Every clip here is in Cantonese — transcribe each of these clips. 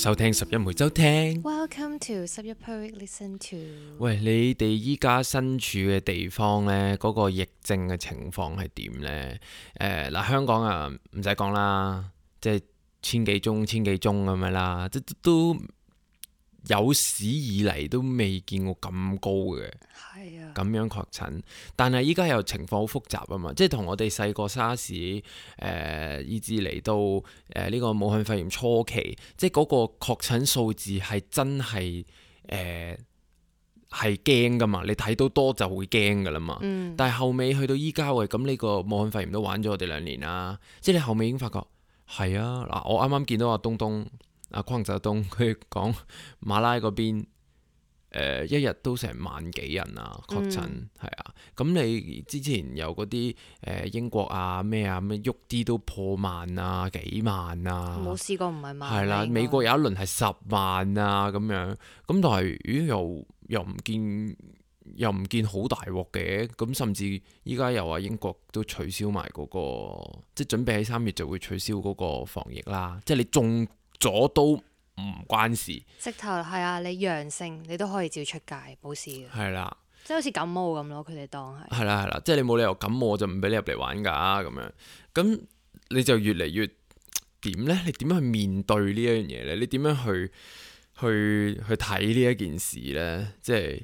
收聽拾壹每週聽。Welcome to 拾壹 Period Listen to。喂，你哋依家身處嘅地方呢？嗰、嗰個疫症嘅情況係點呢？誒，嗱，香港啊，唔使講啦，即係千幾宗、千幾宗咁樣啦，都都。有史以嚟都未見過咁高嘅，係啊，咁樣確診。但係依家又情況好複雜啊嘛，即係同我哋細個沙士、誒，以致嚟到誒呢個武漢肺炎初期，即係嗰個確診數字係真係誒係驚噶嘛。你睇到多就會驚噶啦嘛。嗯、但係後尾去到依家喎，咁呢個武漢肺炎都玩咗我哋兩年啦。即係你後尾已經發覺係啊，嗱，我啱啱見到阿東東。阿匡澤東佢講馬拉嗰邊、呃，一日都成萬幾人啊確診係、嗯、啊，咁你之前有嗰啲誒英國啊咩啊，咩喐啲都破萬啊幾萬啊，冇試過唔係萬，係啦、啊、英國 美國有一輪係十萬啊咁樣，咁但係咦又又唔見又唔見好大鑊嘅，咁甚至依家又話英國都取消埋嗰、嗰個，即係準備喺三月就會取消嗰個防疫啦，即係你仲。左都唔、嗯、關事，直頭係啊！你陽性你都可以照出街，冇事嘅。係啦、啊啊啊啊，即係好似感冒咁咯，佢哋當係。係啦係啦，即係你冇理由感冒我就唔俾你入嚟玩㗎咁、啊、樣，咁你就越嚟越點呢？你點樣去面對呢一樣嘢呢？你點樣去去去睇呢一件事呢？即係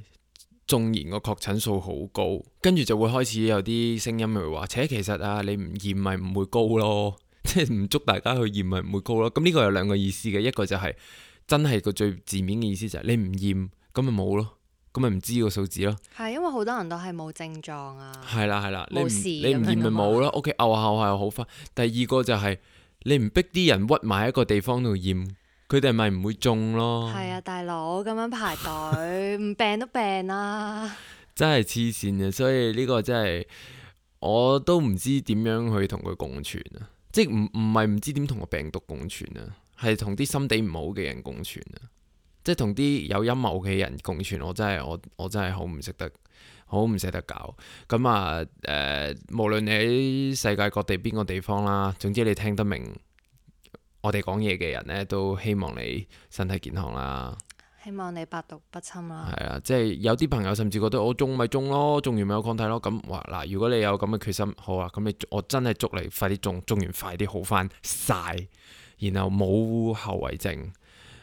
縱然個確診數好高，跟住就會開始有啲聲音咪話，且其實啊，你唔驗咪唔會高咯。即係唔捉大家去驗咪唔會高咯。咁呢個有兩個意思嘅，一個就係、是、真係個最字面嘅意思就係你唔驗咁咪冇咯，咁咪唔知個數字咯。係因為好多人都係冇症狀啊。係啦係啦，冇無事你唔驗咪冇咯。O K，嘔下嘔下係好快。第二個就係、是、你唔逼啲人屈埋一個地方度驗，佢哋咪唔會中咯。係啊，大佬咁樣排隊唔 病都病啦、啊，真係黐線啊。所以呢個真係我都唔知點樣去同佢共存啊。即唔唔係唔知點同個病毒共存啊，係同啲心地唔好嘅人共存啊，即係同啲有陰謀嘅人共存，我真係我我真係好唔識得好唔捨得搞。咁啊，誒、呃，無論你喺世界各地邊個地方啦，總之你聽得明我哋講嘢嘅人呢，都希望你身體健康啦。希望你百毒不侵啦。係啊，即係有啲朋友甚至覺得我中咪中咯，中完咪有抗體咯。咁話嗱，如果你有咁嘅決心，好啊，咁你我真係祝你快啲中，中完快啲好翻晒，然後冇後遺症。係、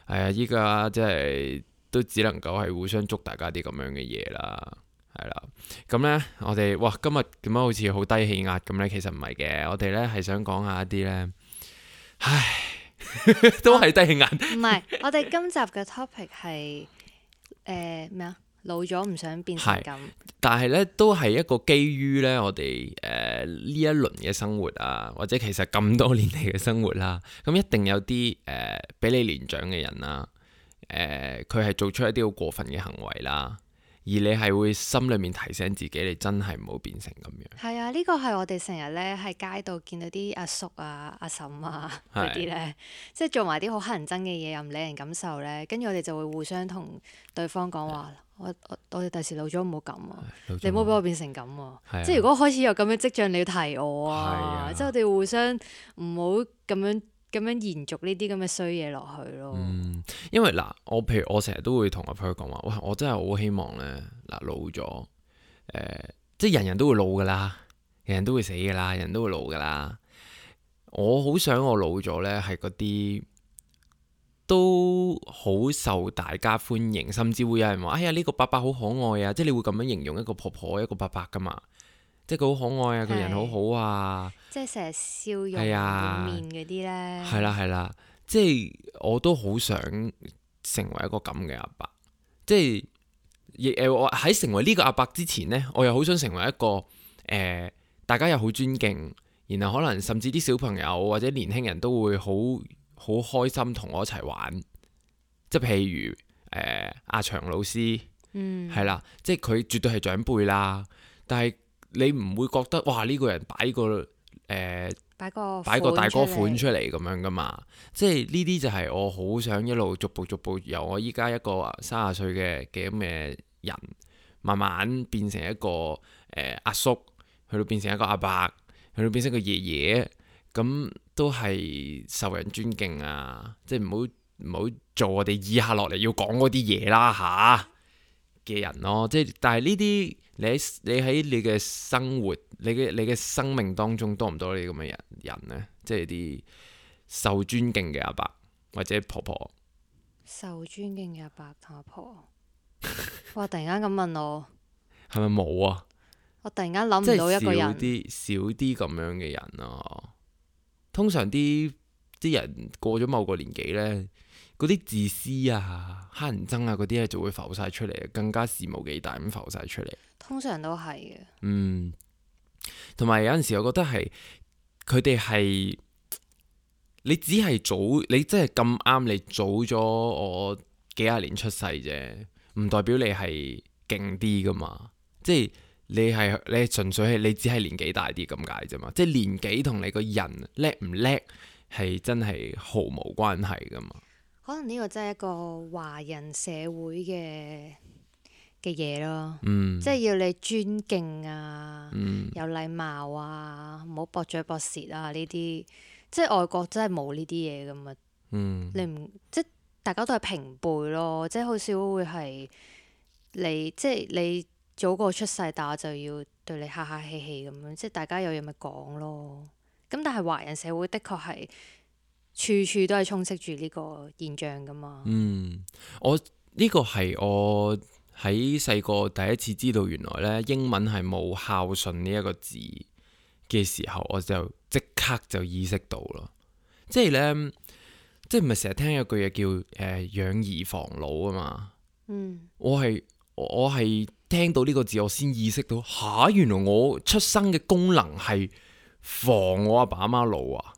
哎、啊，依家即係都只能夠係互相祝大家啲咁樣嘅嘢啦。係啦，咁、嗯、呢，我哋哇，今日點樣好似好低氣壓咁呢？其實唔係嘅，我哋呢，係想講下一啲呢。唉。 都係低眼、 啊，唔係我哋今集嘅 topic 係誒咩啊？老咗唔想變成咁，但係咧都係一個基於咧我哋誒呢一輪嘅生活啊，或者其實咁多年嚟嘅生活啦、啊，咁一定有啲誒比你年長嘅人啦、啊，誒佢係做出一啲好過分嘅行為啦、啊。而你係會心裏面提醒自己，你真係唔好變成咁樣。係啊，呢個係我哋成日咧喺街度見到啲阿叔啊、阿嬸啊嗰啲咧， 呢是啊、即係做埋啲好乞人憎嘅嘢，又唔理人感受咧。跟住我哋就會互相同對方講話是、啊：我我哋第時老咗冇咁啊，你唔好俾我變成咁啊！是啊即係如果開始有咁樣跡象，你要提我啊！即係我哋互相唔好咁樣。咁樣延續呢啲咁嘅衰嘢落去咯。嗯，因為嗱，我譬如我成日都會同阿 Per 講話，喂，我真係好希望咧，嗱，老咗，誒、呃，即係人人都會老噶啦，人人都會死噶啦，人人都會老噶啦。我好想我老咗咧，係嗰啲都好受大家歡迎，甚至會有人話，哎呀，呢個伯伯好可愛啊，即係你會咁樣形容一個婆婆、一個伯伯噶嘛？即係佢好可愛啊，個是人好好啊，即係成日笑容、啊、面嗰啲呢，係啦係啦，即係我都好想成為一個咁嘅阿伯，即係亦、呃、我喺成為呢個阿伯，伯之前呢，我又好想成為一個誒、呃、大家又好尊敬，然後可能甚至啲小朋友或者年輕人都會好好開心同我一齊玩。即係譬如誒阿翔老師，嗯，係啦，即係佢絕對係長輩啦，但係。你唔會覺得哇，呢個人擺個誒、呃、擺個擺個大哥款出嚟咁樣噶嘛？即係呢啲就係我好想一路逐步逐步由我依家一個三十歲嘅嘅咁嘅人，慢慢變成一個誒、呃、阿叔，去到變成一個阿伯，去到變成個爺爺，咁都係受人尊敬啊！即係唔好唔好做我哋以下落嚟要講嗰啲嘢啦嚇。嘅人咯，即係但係呢啲你喺你喺你嘅生活、你嘅你嘅生命當中多唔多呢啲咁嘅人人呢？即係啲受尊敬嘅阿伯或者婆婆，受尊敬嘅阿伯同阿婆， 哇！突然間咁問我，係咪冇啊？我突然間諗唔到一個人啲少啲咁樣嘅人咯。通常啲啲人過咗某個年紀呢。嗰啲自私啊、黑人憎啊，嗰啲咧就會浮晒出嚟，更加肆無忌大咁浮晒出嚟。通常都係嘅，嗯，同埋有陣時，我覺得係佢哋係你只係早，你真係咁啱你早咗我幾廿年出世啫，唔代表你係勁啲㗎嘛。即係你係你係純粹係你只係年紀大啲咁解啫嘛。即係年紀同你個人叻唔叻係真係毫無關係㗎嘛。可能呢個真係一個華人社會嘅嘅嘢咯，嗯、即係要你尊敬啊，嗯、有禮貌啊，唔好駁嘴駁舌啊呢啲，即係外國真係冇呢啲嘢㗎嘛。嗯、你唔即大家都係平輩咯，即係好少會係你即係你早過出世，但我就要對你客客氣氣咁樣，即係大家有嘢咪講咯。咁但係華人社會的確係。處處都係充斥住呢個現象噶嘛，嗯，我呢個係我喺細個第一次知道原來咧，英文係冇孝順呢一個字嘅時候，我就即刻就意識到咯。即係咧，即係唔係成日聽有句嘢，叫誒，養兒防老啊嘛，嗯。我係我係聽到呢個字，我先意識到吓，原來我出生嘅功能係防我阿爸阿媽老啊。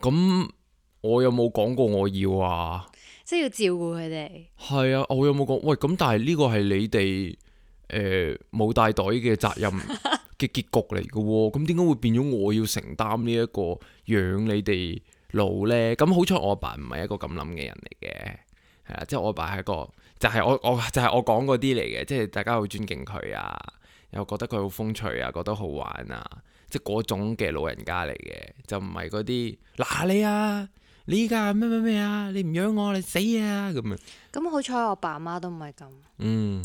咁我有冇講過我要啊？即係要照顧佢哋。係啊，我有冇講？喂，咁但係呢個係你哋誒冇帶袋嘅責任嘅結局嚟嘅，啊。咁點解會變咗我要承擔呢一個養你哋老呢？咁，嗯、好彩我阿爸唔係一個咁諗嘅人嚟嘅。係啦，啊，即係我阿爸係一個就係、是、我我就係、是、我講嗰啲嚟嘅。即係大家好尊敬佢啊，又覺得佢好風趣啊，覺得好玩啊，即係嗰種嘅老人家嚟嘅，就唔係嗰啲嗱你啊。你依家咩咩咩啊！你唔養我，你死啊！咁樣，咁好彩我爸阿媽都唔係咁。嗯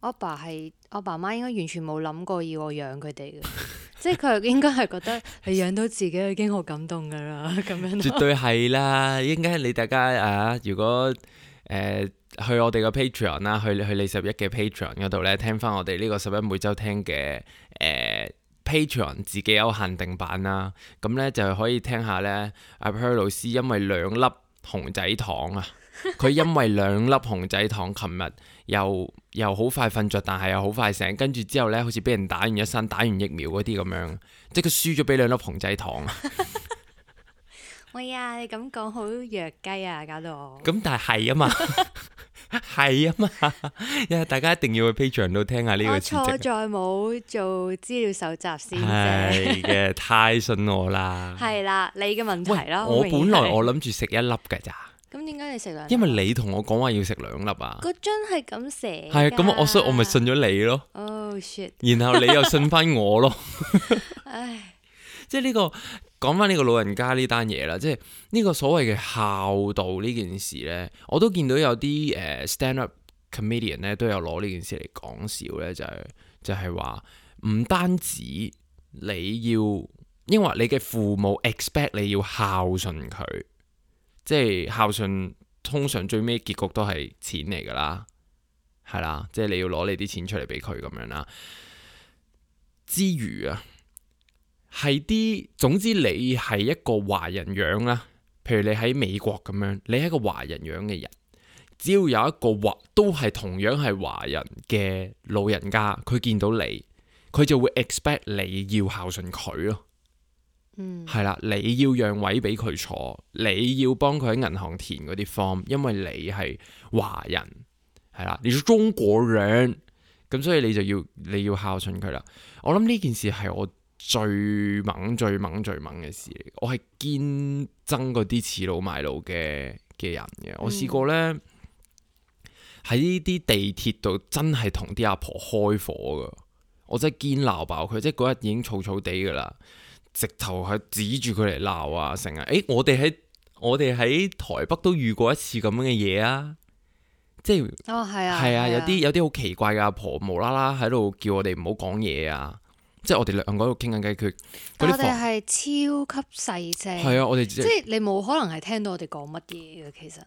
我，我爸係我爸媽應該完全冇諗過要我養佢哋嘅， 即係佢應該係覺得你養到自己已經好感動噶啦，咁樣。絕對係啦，應該你大家啊，如果誒、呃、去我哋個 Patreon 啦，去去你十一嘅 Patreon 度咧，聽翻我哋呢個十一每周聽嘅誒。呃 p a t r o n 自己有限定版啦，咁呢就可以聽下呢。阿 h e r 老師因為兩粒紅仔糖啊，佢 因為兩粒紅仔糖，琴日又又好快瞓着，但係又好快醒，跟住之後呢，好似俾人打完一身，打完疫苗嗰啲咁樣，即係佢輸咗俾兩粒紅仔糖。 咪呀！你咁講好弱雞啊，搞到我咁、嗯，但係係啊嘛，係啊 嘛，因為大家一定要去 Patreon 度聽下呢個。我錯在冇做資料搜集先係嘅 ，太信我啦，係啦，你嘅問題咯。我本來我諗住食一粒噶咋，咁點解你食兩粒？因為你同我講話要食兩粒啊，個樽係咁寫，係啊，咁我所以我咪信咗你咯。哦，h、oh, shit！然後你又信翻我咯，唉，即係呢個。講翻呢個老人家呢單嘢啦，即係呢個所謂嘅孝道呢件事呢，我都見到有啲誒、呃、stand up comedian 咧，都有攞呢件事嚟講笑呢就係、是、就係話唔單止你要，因為你嘅父母 expect 你要孝順佢，即係孝順通常最尾結局都係錢嚟噶啦，係啦，即係你要攞你啲錢出嚟俾佢咁樣啦，之餘啊。係啲，總之你係一個華人樣啦。譬如你喺美國咁樣，你係一個華人樣嘅人，只要有一個華，都係同樣係華人嘅老人家，佢見到你，佢就會 expect 你要孝順佢咯。嗯，係啦，你要讓位俾佢坐，你要幫佢喺銀行填嗰啲 form，因為你係華人，係啦，你係中國人，咁所以你就要你要孝順佢啦。我諗呢件事係我。最猛、最猛、最猛嘅事，嚟。我係堅憎嗰啲似老賣老嘅嘅人嘅。我試過呢，喺呢啲地鐵度，真係同啲阿婆開火噶。我真係堅鬧爆佢，即係嗰日已經嘈嘈地噶啦，直頭係指住佢嚟鬧啊！成日，誒，我哋喺我哋喺台北都遇過一次咁樣嘅嘢啊！即係啊，係啊，係啊，有啲有啲好奇怪嘅阿婆，無啦啦喺度叫我哋唔好講嘢啊！即係我哋兩個喺度傾緊偈，佢嗰啲係超級細隻細聲，係啊，我哋即係你冇可能係聽到我哋講乜嘢嘅。其實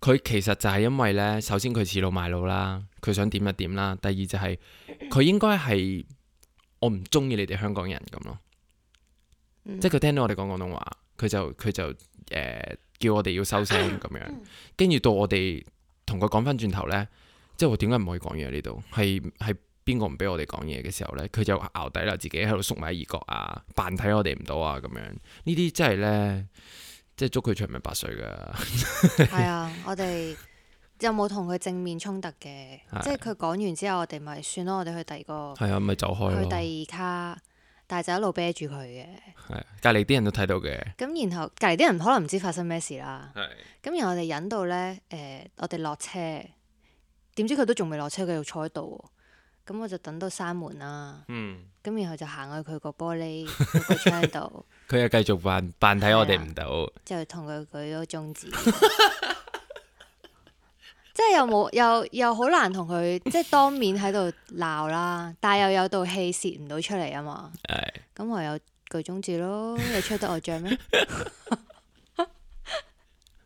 佢其實就係因為咧，首先佢似老賣老啦，佢想點就點啦。第二就係、是、佢應該係我唔中意你哋香港人咁咯。嗯、即係佢聽到我哋講廣東話，佢就佢就誒、呃、叫我哋要收聲咁樣。跟住、嗯、到我哋同佢講翻轉頭咧，即係我點解唔可以講嘢呢度？係係。邊個唔俾我哋講嘢嘅時候咧，佢就淆底啦，自己喺度縮埋二角啊，扮睇我哋唔到啊，咁樣呢啲真係咧，即係祝佢長命百歲噶。係啊，我哋有冇同佢正面衝突嘅？啊、即係佢講完之後我，我哋咪算咯，我哋去第二個係啊，咪走開去第二卡，但係就一路啤住佢嘅。係隔籬啲人都睇到嘅。咁然後隔籬啲人可能唔知發生咩事啦。係咁、啊、然後我哋忍到咧，誒、呃，我哋落車，點知佢都仲未落車，佢又坐喺度。咁我就等到閂門啦，咁、嗯、然後就行去佢個玻璃 窗度，佢 又繼續扮扮睇我哋唔到，就同佢舉咗中指，即係又冇又又好難同佢即係當面喺度鬧啦，但係又有道氣泄唔到出嚟啊嘛，咁我有舉中指咯，你吹得我脹咩？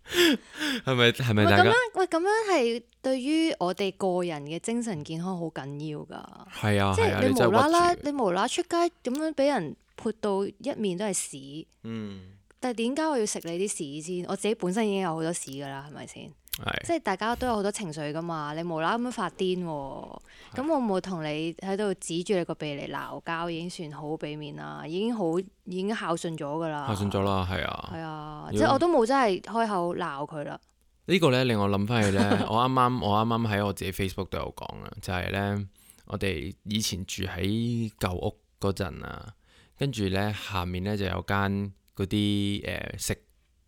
係咪係咪？喂咁樣，喂咁樣，係對於我哋個人嘅精神健康好緊要噶。係啊，啊即係你無啦啦，你，你無啦出街咁樣俾人潑到一面都係屎。嗯。但係點解我要食你啲屎先？我自己本身已經有好多屎噶啦，係咪先？係是。即係大家都有好多情緒噶嘛，你無啦啦咁發癲喎，咁是我冇同你喺度指住你個鼻嚟鬧交，已經算好俾面啦，已經好已經孝順咗噶啦。孝順咗啦，係啊。係啊，即係是 果我都冇真係開口鬧佢啦。個呢個咧令我諗翻起咧， 我啱啱我啱啱喺我自己 Facebook 都有講啊，就係、是、咧我哋以前住喺舊屋嗰陣啊，跟住咧下面咧就有間。嗰啲誒食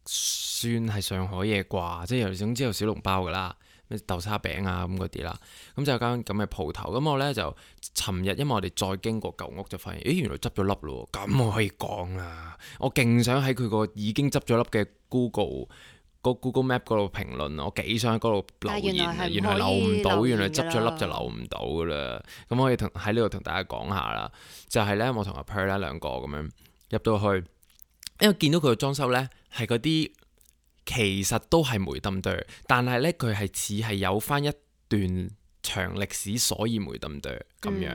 酸係上海嘢啩，即係總之有小籠包噶啦，咩豆沙餅啊咁嗰啲啦，咁就有間咁嘅鋪頭。咁我呢就尋日，因為我哋再經過舊屋，就發現，咦，原來執咗粒咯，咁我可以講啦、啊。我勁想喺佢個已經執咗粒嘅 Google 嗰 Google Map 嗰度評論，我幾想喺嗰度留言，原來留唔到，原來執咗粒就留唔到噶啦。咁可以同喺呢度同大家講下啦，就係、是、呢，我同阿 Per 咧兩個咁樣入到去，因為見到佢嘅裝修呢，係嗰啲其實都係梅登隊，但係呢，佢係似係有翻一段長歷史，所以梅登隊咁樣，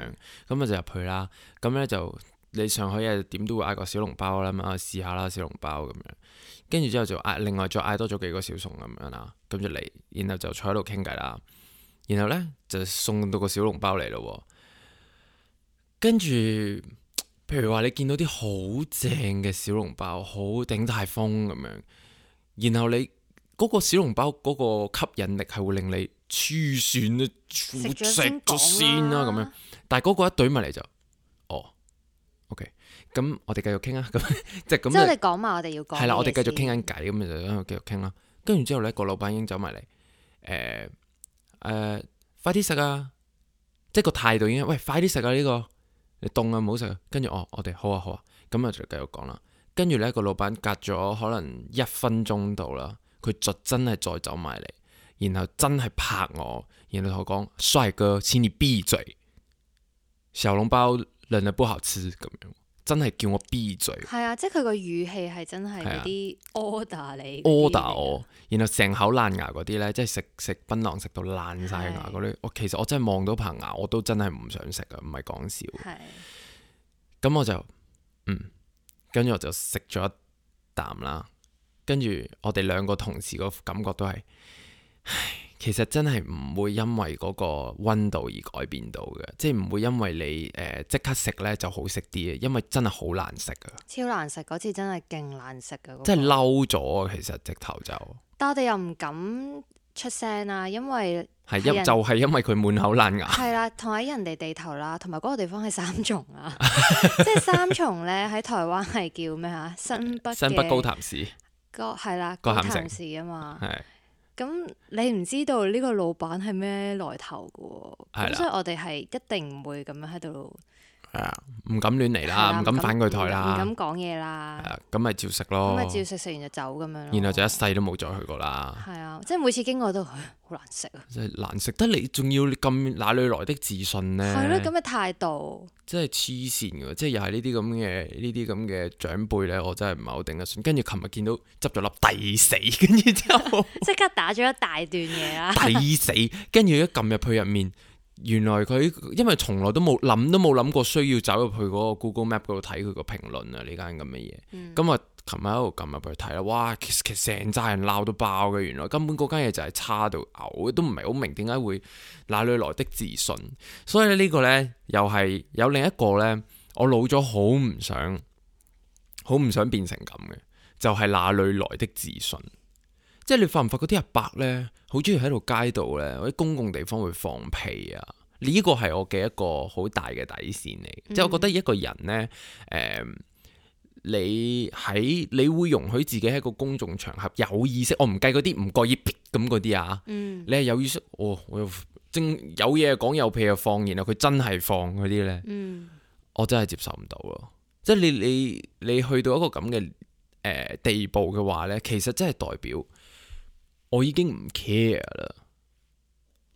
咁、嗯、我就入去啦。咁咧就你上去啊，點都會嗌個小籠包啦，咁啊試下啦，小籠包咁樣。跟住之後就嗌另外再嗌多咗幾個小餸，咁樣啦，咁就嚟，然後就坐喺度傾偈啦。然後呢，就送到個小籠包嚟咯，跟、啊、住。譬如話你見到啲好正嘅小籠包，好頂大風咁樣，然後你嗰個小籠包嗰個吸引力係會令你算，選啦，食咗先啦咁樣。但係嗰個一懟埋嚟就，哦，OK，咁我哋繼續傾啊，咁即係咁。即係你講埋，我哋要講。係啦，我哋繼續傾緊偈，咁就繼續傾啦。跟住之後咧，個老闆已經走埋嚟，誒誒，快啲食啊！即係個態度已經，喂，快啲食啊呢個。你凍啊唔好食，跟住、哦、我我哋好啊好啊，咁啊就繼續講啦。跟住呢個老闆隔咗可能一分鐘到啦，佢就真係再走埋嚟，然後真係拍我，然後佢講：帥哥，請你閉嘴，小籠包冷啊不好食咁樣。真係叫我 B 嘴，係啊，即係佢個語氣係真係嗰啲 order 你、啊、order 我，然後成口爛牙嗰啲呢，即係食食檳榔食到爛晒牙嗰啲，我其實我真係望到棚牙我都真係唔想食啊，唔係講笑。係，咁我就嗯，跟住我就食咗一啖啦，跟住我哋兩個同事個感覺都係。其實真係唔會因為嗰個溫度而改變到嘅，即係唔會因為你誒即刻食呢就好食啲，因為真係好難食噶。超難食，嗰次真係勁難食噶。那個，真係嬲咗，其實直頭就。但我哋又唔敢出聲啦，啊，因為係因就係、是，因為佢滿口爛牙。係啦，同喺人哋地頭啦，同埋嗰個地方係三重啊， 即係三重呢，喺台灣係叫咩吓？新北新北高潭市係啦，高潭市啊嘛。咁你唔知道呢個老闆係咩來頭嘅喎、哦？咁是的 所以我哋係一定唔會咁樣喺度。唔 Yeah, 敢亂嚟啦，唔敢反佢台啦，唔敢講嘢啦。係啊，咁咪照食咯。咁咪照食，食完就走咁樣咯。然後就一世都冇再去過啦。係啊，即係每次經過都好難食啊。即係難食得你仲要咁哪裏來的自信呢？係咯，咁嘅態度。即係黐線嘅，即係又係呢啲咁嘅呢啲咁嘅長輩咧，我真係唔係好頂得順。跟住琴日見到執咗粒第死。跟住之後即 刻打咗一大段嘢啊。 第死。跟住一撳入去入面。原來佢因為從來都冇諗都冇諗過需要走入去嗰個 Google Map 嗰度睇佢個評論啊，呢間咁嘅嘢。咁啊琴日喺度撳入去睇啦，哇！其實成扎人鬧到爆嘅，原來根本嗰間嘢就係差到嘔，都唔係好明點解會哪裏來的自信，所以呢個呢，又係有另一個呢。我老咗好唔想，好唔想變成咁嘅，就係哪裏來的自信。即係你發唔發覺啲阿伯咧，好中意喺度街度咧，或者公共地方會放屁啊！呢、這個係我嘅一個好大嘅底線嚟。嗯、即係我覺得一個人咧，誒、呃，你喺你會容許自己喺個公眾場合有意識，我唔計嗰啲唔覺意咁嗰啲啊。嗯、你係有意識，哦，我又正有嘢講，有屁就放，然後佢真係放嗰啲咧，嗯、我真係接受唔到咯。即係你你你，你去到一個咁嘅誒地步嘅話咧，其實真係代表。我已經唔 care 啦，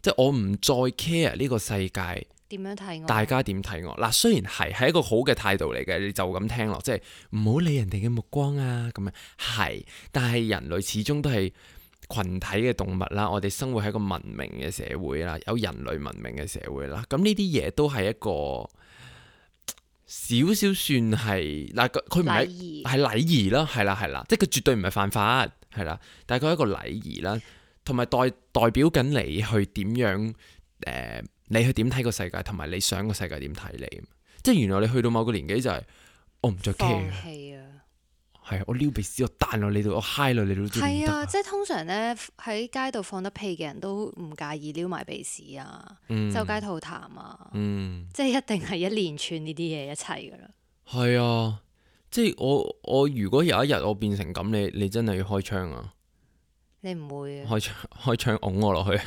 即係我唔再 care 呢個世界。點樣睇我？大家點睇我？嗱，雖然係係一個好嘅態度嚟嘅，你就咁聽落，即係唔好理人哋嘅目光啊咁樣。係，但係人類始終都係群體嘅動物啦，我哋生活喺一個文明嘅社會啦，有人類文明嘅社會啦。咁呢啲嘢都係一個少少算係嗱，佢佢唔係係禮儀啦，係禮儀啦係啦，啦，啦，啦，即係佢絕對唔係犯法。係啦，但係佢一個禮儀啦，同埋代代表緊你去點樣誒、呃，你去點睇個世界，同埋你想個世界點睇你，即係原來你去到某個年紀就係我唔着 care 啦。係啊，我撩鼻屎，我彈落你度，我揩落你度，係啊，即係通常咧喺街度放得屁嘅人都唔介意撩埋鼻屎啊，周、嗯、街吐痰啊，嗯、即係一定係一連串呢啲嘢一齊噶啦。係啊。即係我我如果有一日我變成咁，你你真係要開槍啊！你唔會嘅，開槍開槍㧬我落去，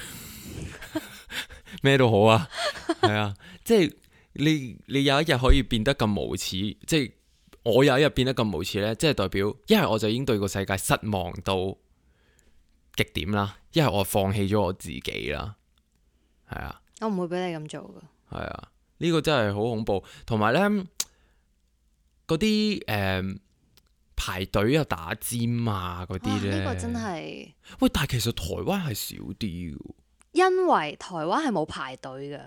咩 都好啊，係 啊！即係你你有一日可以變得咁無恥，即係我有一日變得咁無恥呢，即係代表一係我就已經對個世界失望到極點啦，一係我放棄咗我自己啦，係啊！我唔會俾你咁做噶，係啊！呢個真係好恐怖，同埋呢。嗰啲誒排隊又打尖啊，嗰啲咧。呢、呢個真係。喂，但係其實台灣係少啲。因為台灣係冇排隊嘅。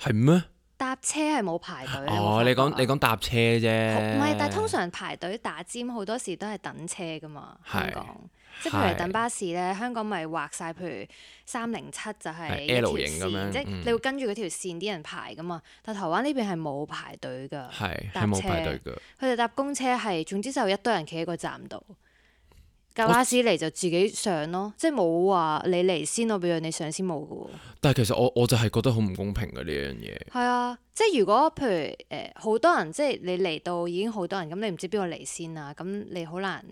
係咩嗎？搭車係冇排隊。哦，你講你講搭車啫。唔係，但係通常排隊打尖好多時都係等車噶嘛。係是。即係譬如等巴士咧，香港咪劃晒，譬如三零七就係一條線，即係你會跟住嗰條線啲人排噶嘛。嗯、但台灣呢邊係冇排隊噶，係是搭車。佢哋搭公車係總之就一堆人企喺個站度，架巴士嚟就自己上咯，我即係冇話你嚟先，我俾你上先冇噶。但係其實我我就係覺得好唔公平嘅呢樣嘢。係啊，即係如果譬如誒，好、呃、多人即係你嚟到已經好多人，咁你唔知邊個嚟先啊，咁你好難。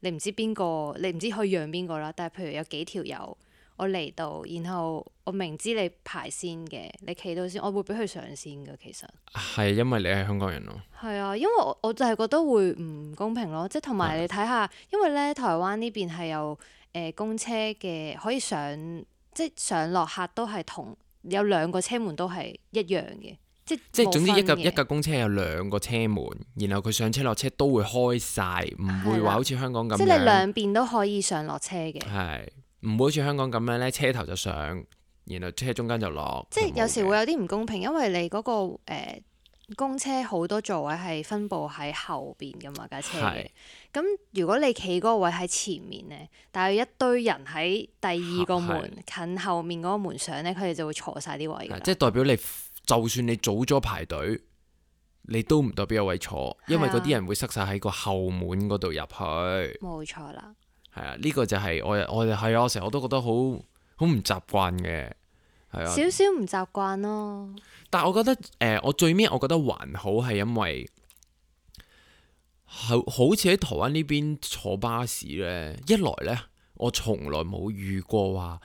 你唔知邊個，你唔知可以讓邊個啦。但係，譬如有幾條友我嚟到，然後我明知你排先嘅，你企到先，我會俾佢上先嘅。其實係因為你係香港人咯，係啊，因為我我就係覺得會唔公平咯。即係同埋你睇下，因為咧台灣呢邊係有誒、呃、公車嘅可以上，即係上落客都係同有兩個車門都係一樣嘅。即即總之一架一架公車有兩個車門，然後佢上車落車都會開晒，唔會話好似香港咁。即係你兩邊都可以上落車嘅。係唔會好似香港咁樣咧，車頭就上，然後車中間就落。即係有時會有啲唔公平，因為你嗰個、呃、公車好多座位係分布喺後邊噶嘛架車嘅。咁的如果你企嗰個位喺前面咧，但係一堆人喺第二個門的近後面嗰個門上咧，佢哋就會坐晒啲位㗎啦。即係代表你。就算你早咗排隊，你都唔代表有位坐，因為嗰啲人會塞晒喺個後門嗰度入去。冇錯啦，係啊，呢個就係我我哋係啊，成日我都覺得好好唔習慣嘅，係啊，少少唔習慣咯。但係我覺得誒、呃，我最尾我覺得還好，係因為好好似喺台灣呢邊坐巴士呢，一來呢，我從來冇遇過話、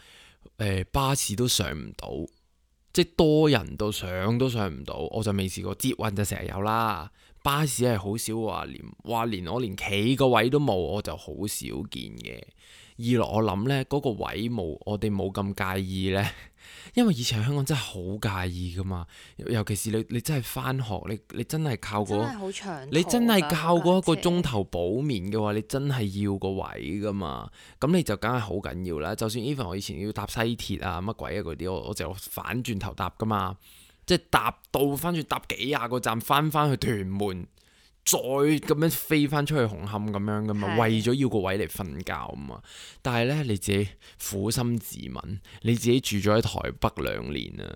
呃、巴士都上唔到。即多人到上都上唔到，我就未試過。捷運就成日有啦，巴士係好少話連話連我連企個位都冇，我就好少見嘅。二來我諗呢嗰、那個位冇，我哋冇咁介意呢。因為以前香港真係好介意噶嘛，尤其是你你真係翻學，你你真係靠個，真係好長，你真係靠，那個、真係靠個一個鐘頭補眠嘅話，你真係要個位噶嘛，咁你就梗係好緊要啦。就算 even 我以前要搭西鐵啊乜鬼啊嗰啲，我我就反轉頭搭噶嘛，即係搭到翻轉搭幾廿個站，翻翻去屯門，再咁樣飛翻,出去紅磡咁樣噶嘛，的為咗要個位嚟瞓覺啊嘛。但係咧你自己苦心自問，你自己住咗喺台北兩年啦，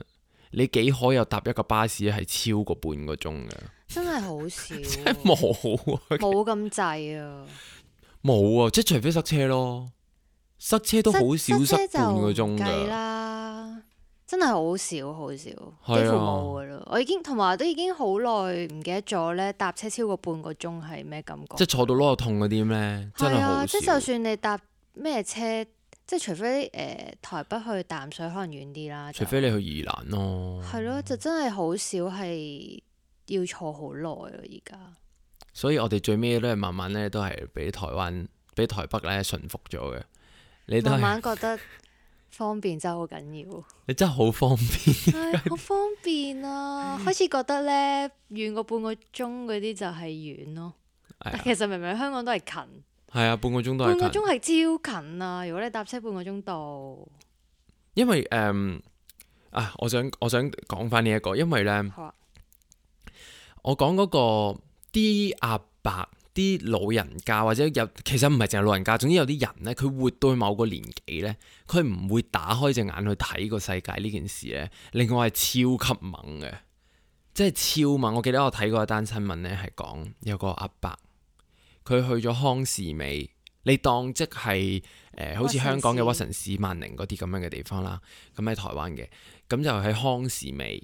你幾可有搭一個巴士係超過半個鐘噶？真係好少， 即係冇啊，冇咁滯啊，冇 啊，即係除非塞車咯，塞車都好少塞半個鐘噶。真係好少，好少，幾乎冇嘅咯。啊、我已經同埋都已經好耐，唔記得咗咧。搭車超過半個鐘係咩感覺？即係坐到攞痛嗰啲咩？啊、真係好少。即係就算你搭咩車，即係除非誒、呃、台北去淡水可能遠啲啦，除非你去宜蘭咯、啊。係咯、啊，就真係好少係要坐好耐咯。而家，所以我哋最尾都係慢慢咧，都係俾台灣、俾台北咧順服咗嘅。你都慢慢覺得。方便真係好緊要，你真係好方便，好方便啊！開始覺得呢，遠過半個鐘嗰啲就係遠咯，但其實明明香港都係近，係啊半個鐘都係半個鐘係超近啊！如果你搭車半個鐘到，因為誒啊，我想我想講返呢一個，因為呢，我講嗰個啲阿伯。啲老人家或者有其實唔係淨係老人家。總之有啲人咧，佢活到去某個年紀咧，佢唔會打開隻眼去睇個世界呢件事咧，令我係超級猛嘅，即係超猛。我記得我睇過一單新聞咧，係講有個阿伯，佢去咗康士美，你當即係誒、呃、好似香港嘅屈臣氏萬寧嗰啲咁樣嘅地方啦。咁喺台灣嘅咁就喺康士美，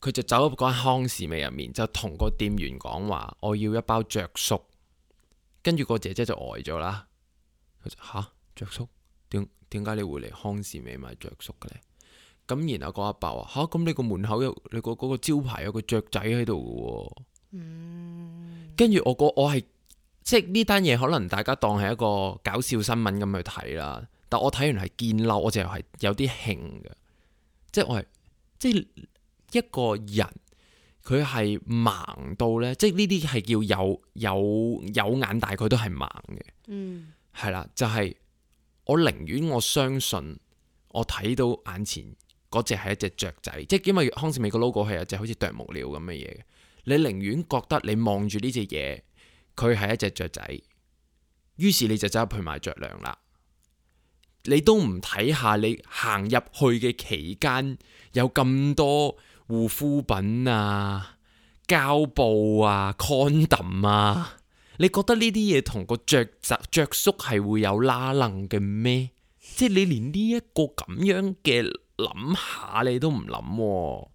佢就走咗嗰康士美入面，就同個店員講話，我要一包雀粟。跟住個姐姐就呆咗啦，吓，雀叔點點解你會嚟康氏美買雀叔嘅咧？咁然後個阿伯話，嚇，咁你個門口有你、個嗰、個招牌有個雀仔喺度喎。跟住、嗯、我、個我係即係呢單嘢可能大家當係一個搞笑新聞咁去睇啦，但我睇完係見嬲，我就係有啲興嘅，即係我係即係一個人。佢係盲到呢，即係呢啲係叫有有有眼大，大概都係盲嘅。嗯，係啦，就係、是、我寧願我相信我睇到眼前嗰隻係一隻雀仔，即係因為康美個 logo 係一隻好似啄木鳥咁嘅嘢。你寧願覺得你望住呢隻嘢，佢係一隻雀仔，於是你就走入去買雀糧啦。你都唔睇下你行入去嘅期間有咁多。護膚品啊、膠布啊、condom 啊，啊你覺得呢啲嘢同個着集著縮係會有拉楞嘅咩？ 即係你連呢、這、一個咁樣嘅諗下你都唔諗、哦，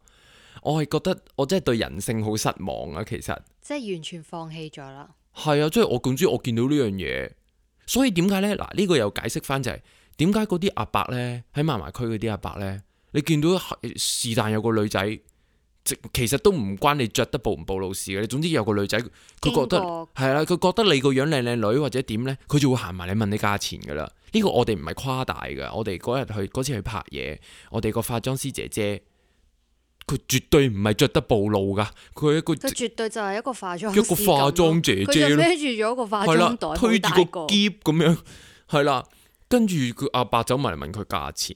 我係覺得我真係對人性好失望啊！其實即係完全放棄咗啦。係啊，即係我總之我見到呢樣嘢，所以點解呢？嗱，呢個又解釋返就係點解嗰啲阿伯呢，喺麻麻區嗰啲阿伯呢。你見到是但有個女仔，其實都唔關你着得暴唔暴露事嘅。總之有個女仔，佢覺得係啦，佢誰覺得你個樣靚靚女或者點咧，佢就會行埋嚟問你價錢噶啦。呢、呢個我哋唔係誇大噶。我哋嗰日去嗰次去拍嘢，我哋個化妝師姐姐，佢絕對唔係着得暴露噶。佢一個，佢絕對就係一個化妝，一個化妝姐姐孭住咗個化妝袋，推住個喼咁樣，係啦。啦跟住佢阿爸走埋嚟問佢價錢。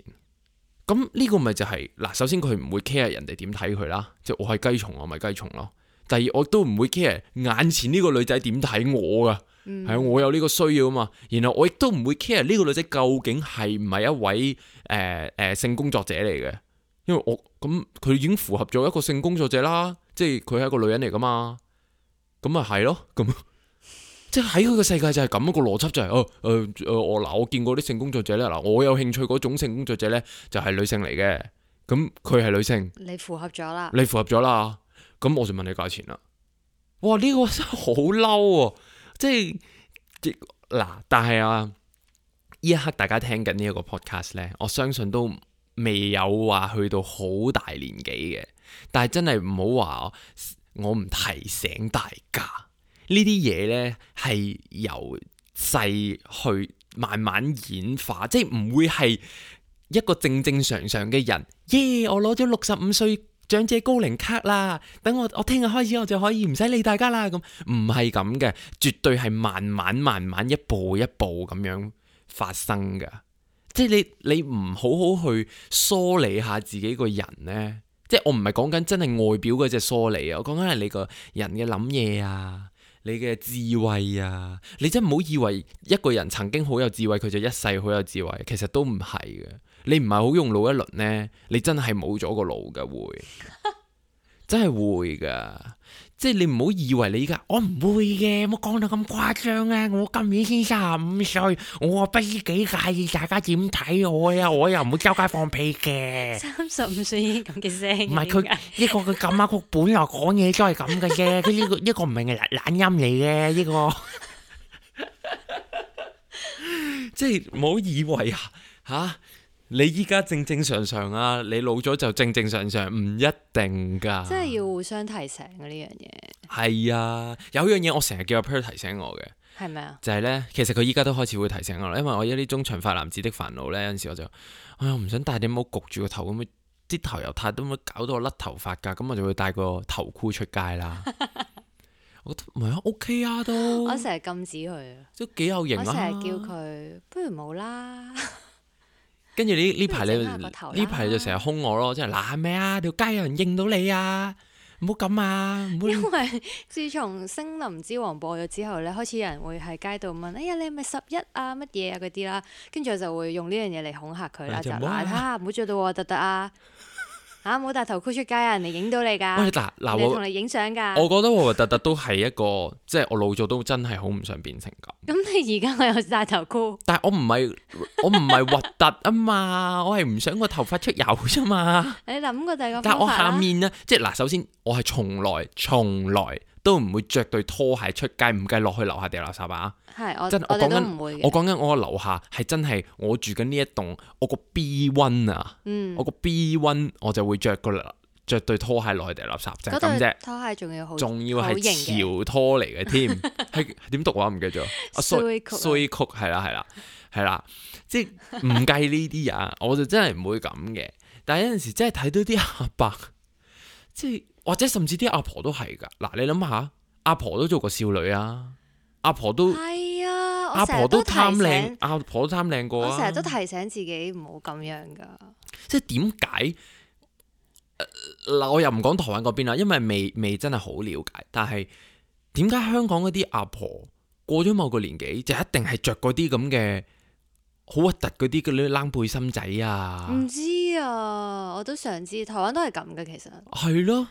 咁呢個咪就係，嗱，首先佢唔會 care 人哋點睇佢啦，即係我係雞蟲，我咪雞蟲咯。第二，我都唔會 care 眼前呢個女仔點睇我噶，係、嗯哎、我有呢個需要啊嘛。然後我亦都唔會 care 呢個女仔究竟係唔係一位誒誒、呃呃、性工作者嚟嘅，因為我咁佢已經符合咗一個性工作者啦，即係佢係一個女人嚟噶嘛，咁咪係咯，咁。 即係喺佢個世界就係咁一個邏輯就係、是、哦，誒誒我嗱我見過啲性工作者咧嗱、呃、我有興趣嗰種性工作者咧就係、是、女性嚟嘅，咁佢係女性，你符合咗啦你符合咗啦，咁我就問你價錢啦哇呢、這個真係好嬲、哦、啊即係嗱但係啊呢一刻大家聽緊呢一個 podcast 咧我相信都未有話去到好大年紀嘅，但係真係唔好話我唔提醒大家。呢啲嘢呢，係由細去慢慢演化，即係唔會係一個正正常常嘅人。耶！Yeah, 我攞咗六十五歲長者高齡卡啦，等我我聽日開始我就可以唔使理大家啦。咁唔係咁嘅，絕對係慢慢慢慢一步一步咁樣發生㗎。即係你你唔好好去梳理下自己個人呢？即係我唔係講緊真係外表嗰隻梳理啊，我講緊係你個人嘅諗嘢啊。你嘅智慧啊！你真唔好以為一個人曾經好有智慧，佢就一世好有智慧，其實都唔係嘅。你唔係好用腦一輪呢，你真係冇咗個腦㗎會，真係會噶。即係你唔好以為你而家，我唔會嘅，冇講到咁誇張啊！我今年先三十五歲，我不知幾介意大家點睇我啊！我又唔會周街放屁嘅。三十五歲已經咁嘅聲，唔係佢一個佢咁啱本來講嘢都係咁嘅啫，佢呢個呢個唔係嘅懶音嚟嘅呢個，即係唔好以為啊吓。你依家正正常常啊，你老咗就正正常常，唔一定噶。即係要互相提醒呢樣嘢。係啊，有樣嘢我成日叫阿 Per 提醒我嘅。係咪啊？就係咧，其實佢依家都開始會提醒我啦，因為我有啲中長髮男子的煩惱咧，有陣時我就，哎呀，唔想戴頂帽焗住個頭咁，啲頭又太多，咁搞到我甩頭髮噶，咁我就會戴個頭箍出街啦。 我覺得唔係啊，OK 啊都。我成日禁止佢。啊，都幾有型啊。我成日叫佢，不如冇啦。 跟住呢，呢排呢，呢排就成日兇我咯，即係嗱，咩啊，條街有人認到你啊，唔好咁啊，唔好。因為自從《森林之王》播咗之後咧，開始有人會喺街度問，哎呀，你係咪拾壹啊乜嘢啊嗰啲啦，跟住我就會用呢樣嘢嚟恐嚇佢啦，嗯、就嗱，下唔好著到我得得啊？嚇！冇戴、啊、頭箍出街啊，人哋影到你㗎。我戴嗱我同你影相㗎。我覺得我核突突都係一個， 即係我老咗都真係好唔想變成咁。咁 你而家我有戴頭箍。但係我唔係我唔係核突啊嘛，我係唔想個頭髮出油啫嘛。你諗過戴個？但係我下面咧，啊、即係嗱、呃，首先我係從來從來。從來都唔會着對拖鞋出街，唔計落去樓下掉垃圾啊！係、嗯，我我哋都唔會。我講緊我樓下係真係我住緊呢一棟，我個 B one 啊，我個 B one 我就會着、個着對拖鞋落去掉垃圾，就係咁啫。拖鞋仲要好，仲要係潮拖嚟嘅添，係點讀啊？唔記得咗啊！衰曲衰曲係啦係啦係啦，即係唔計呢啲啊， 我就真係唔會咁嘅。但係有陣時真係睇到啲阿伯，即係。ra ult 或者甚至啲阿婆都係噶，嗱，你諗下，阿婆都做過少女啊，阿婆都係啊，阿婆都貪靚，阿婆都貪靚過。我成日都提醒自己唔好咁樣噶。即係點解？嗱、呃，我又唔講台灣嗰邊啦，因為未未真係好了解。但係點解香港嗰啲阿婆過咗某個年紀就一定係着嗰啲咁嘅好核突嗰啲嘅冷背心仔啊？唔知啊，我都常知，台灣都係咁嘅，其實係咯。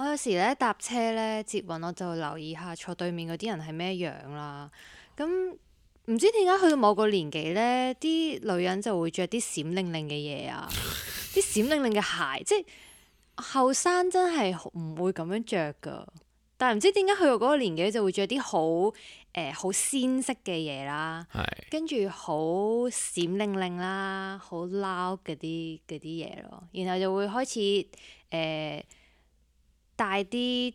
我有時咧搭車咧捷運，我就留意下坐對面嗰啲人係咩樣啦。咁唔知點解去到某個年紀咧，啲女人就會着啲閃靈靈嘅嘢啊，啲 閃靈靈嘅鞋，即係後生真係唔會咁樣着噶。但係唔知點解去到嗰個年紀就會着啲好誒好鮮色嘅嘢啦，是跟住好閃靈靈啦，好撈嗰啲啲嘢咯，然後就會開始誒。呃戴啲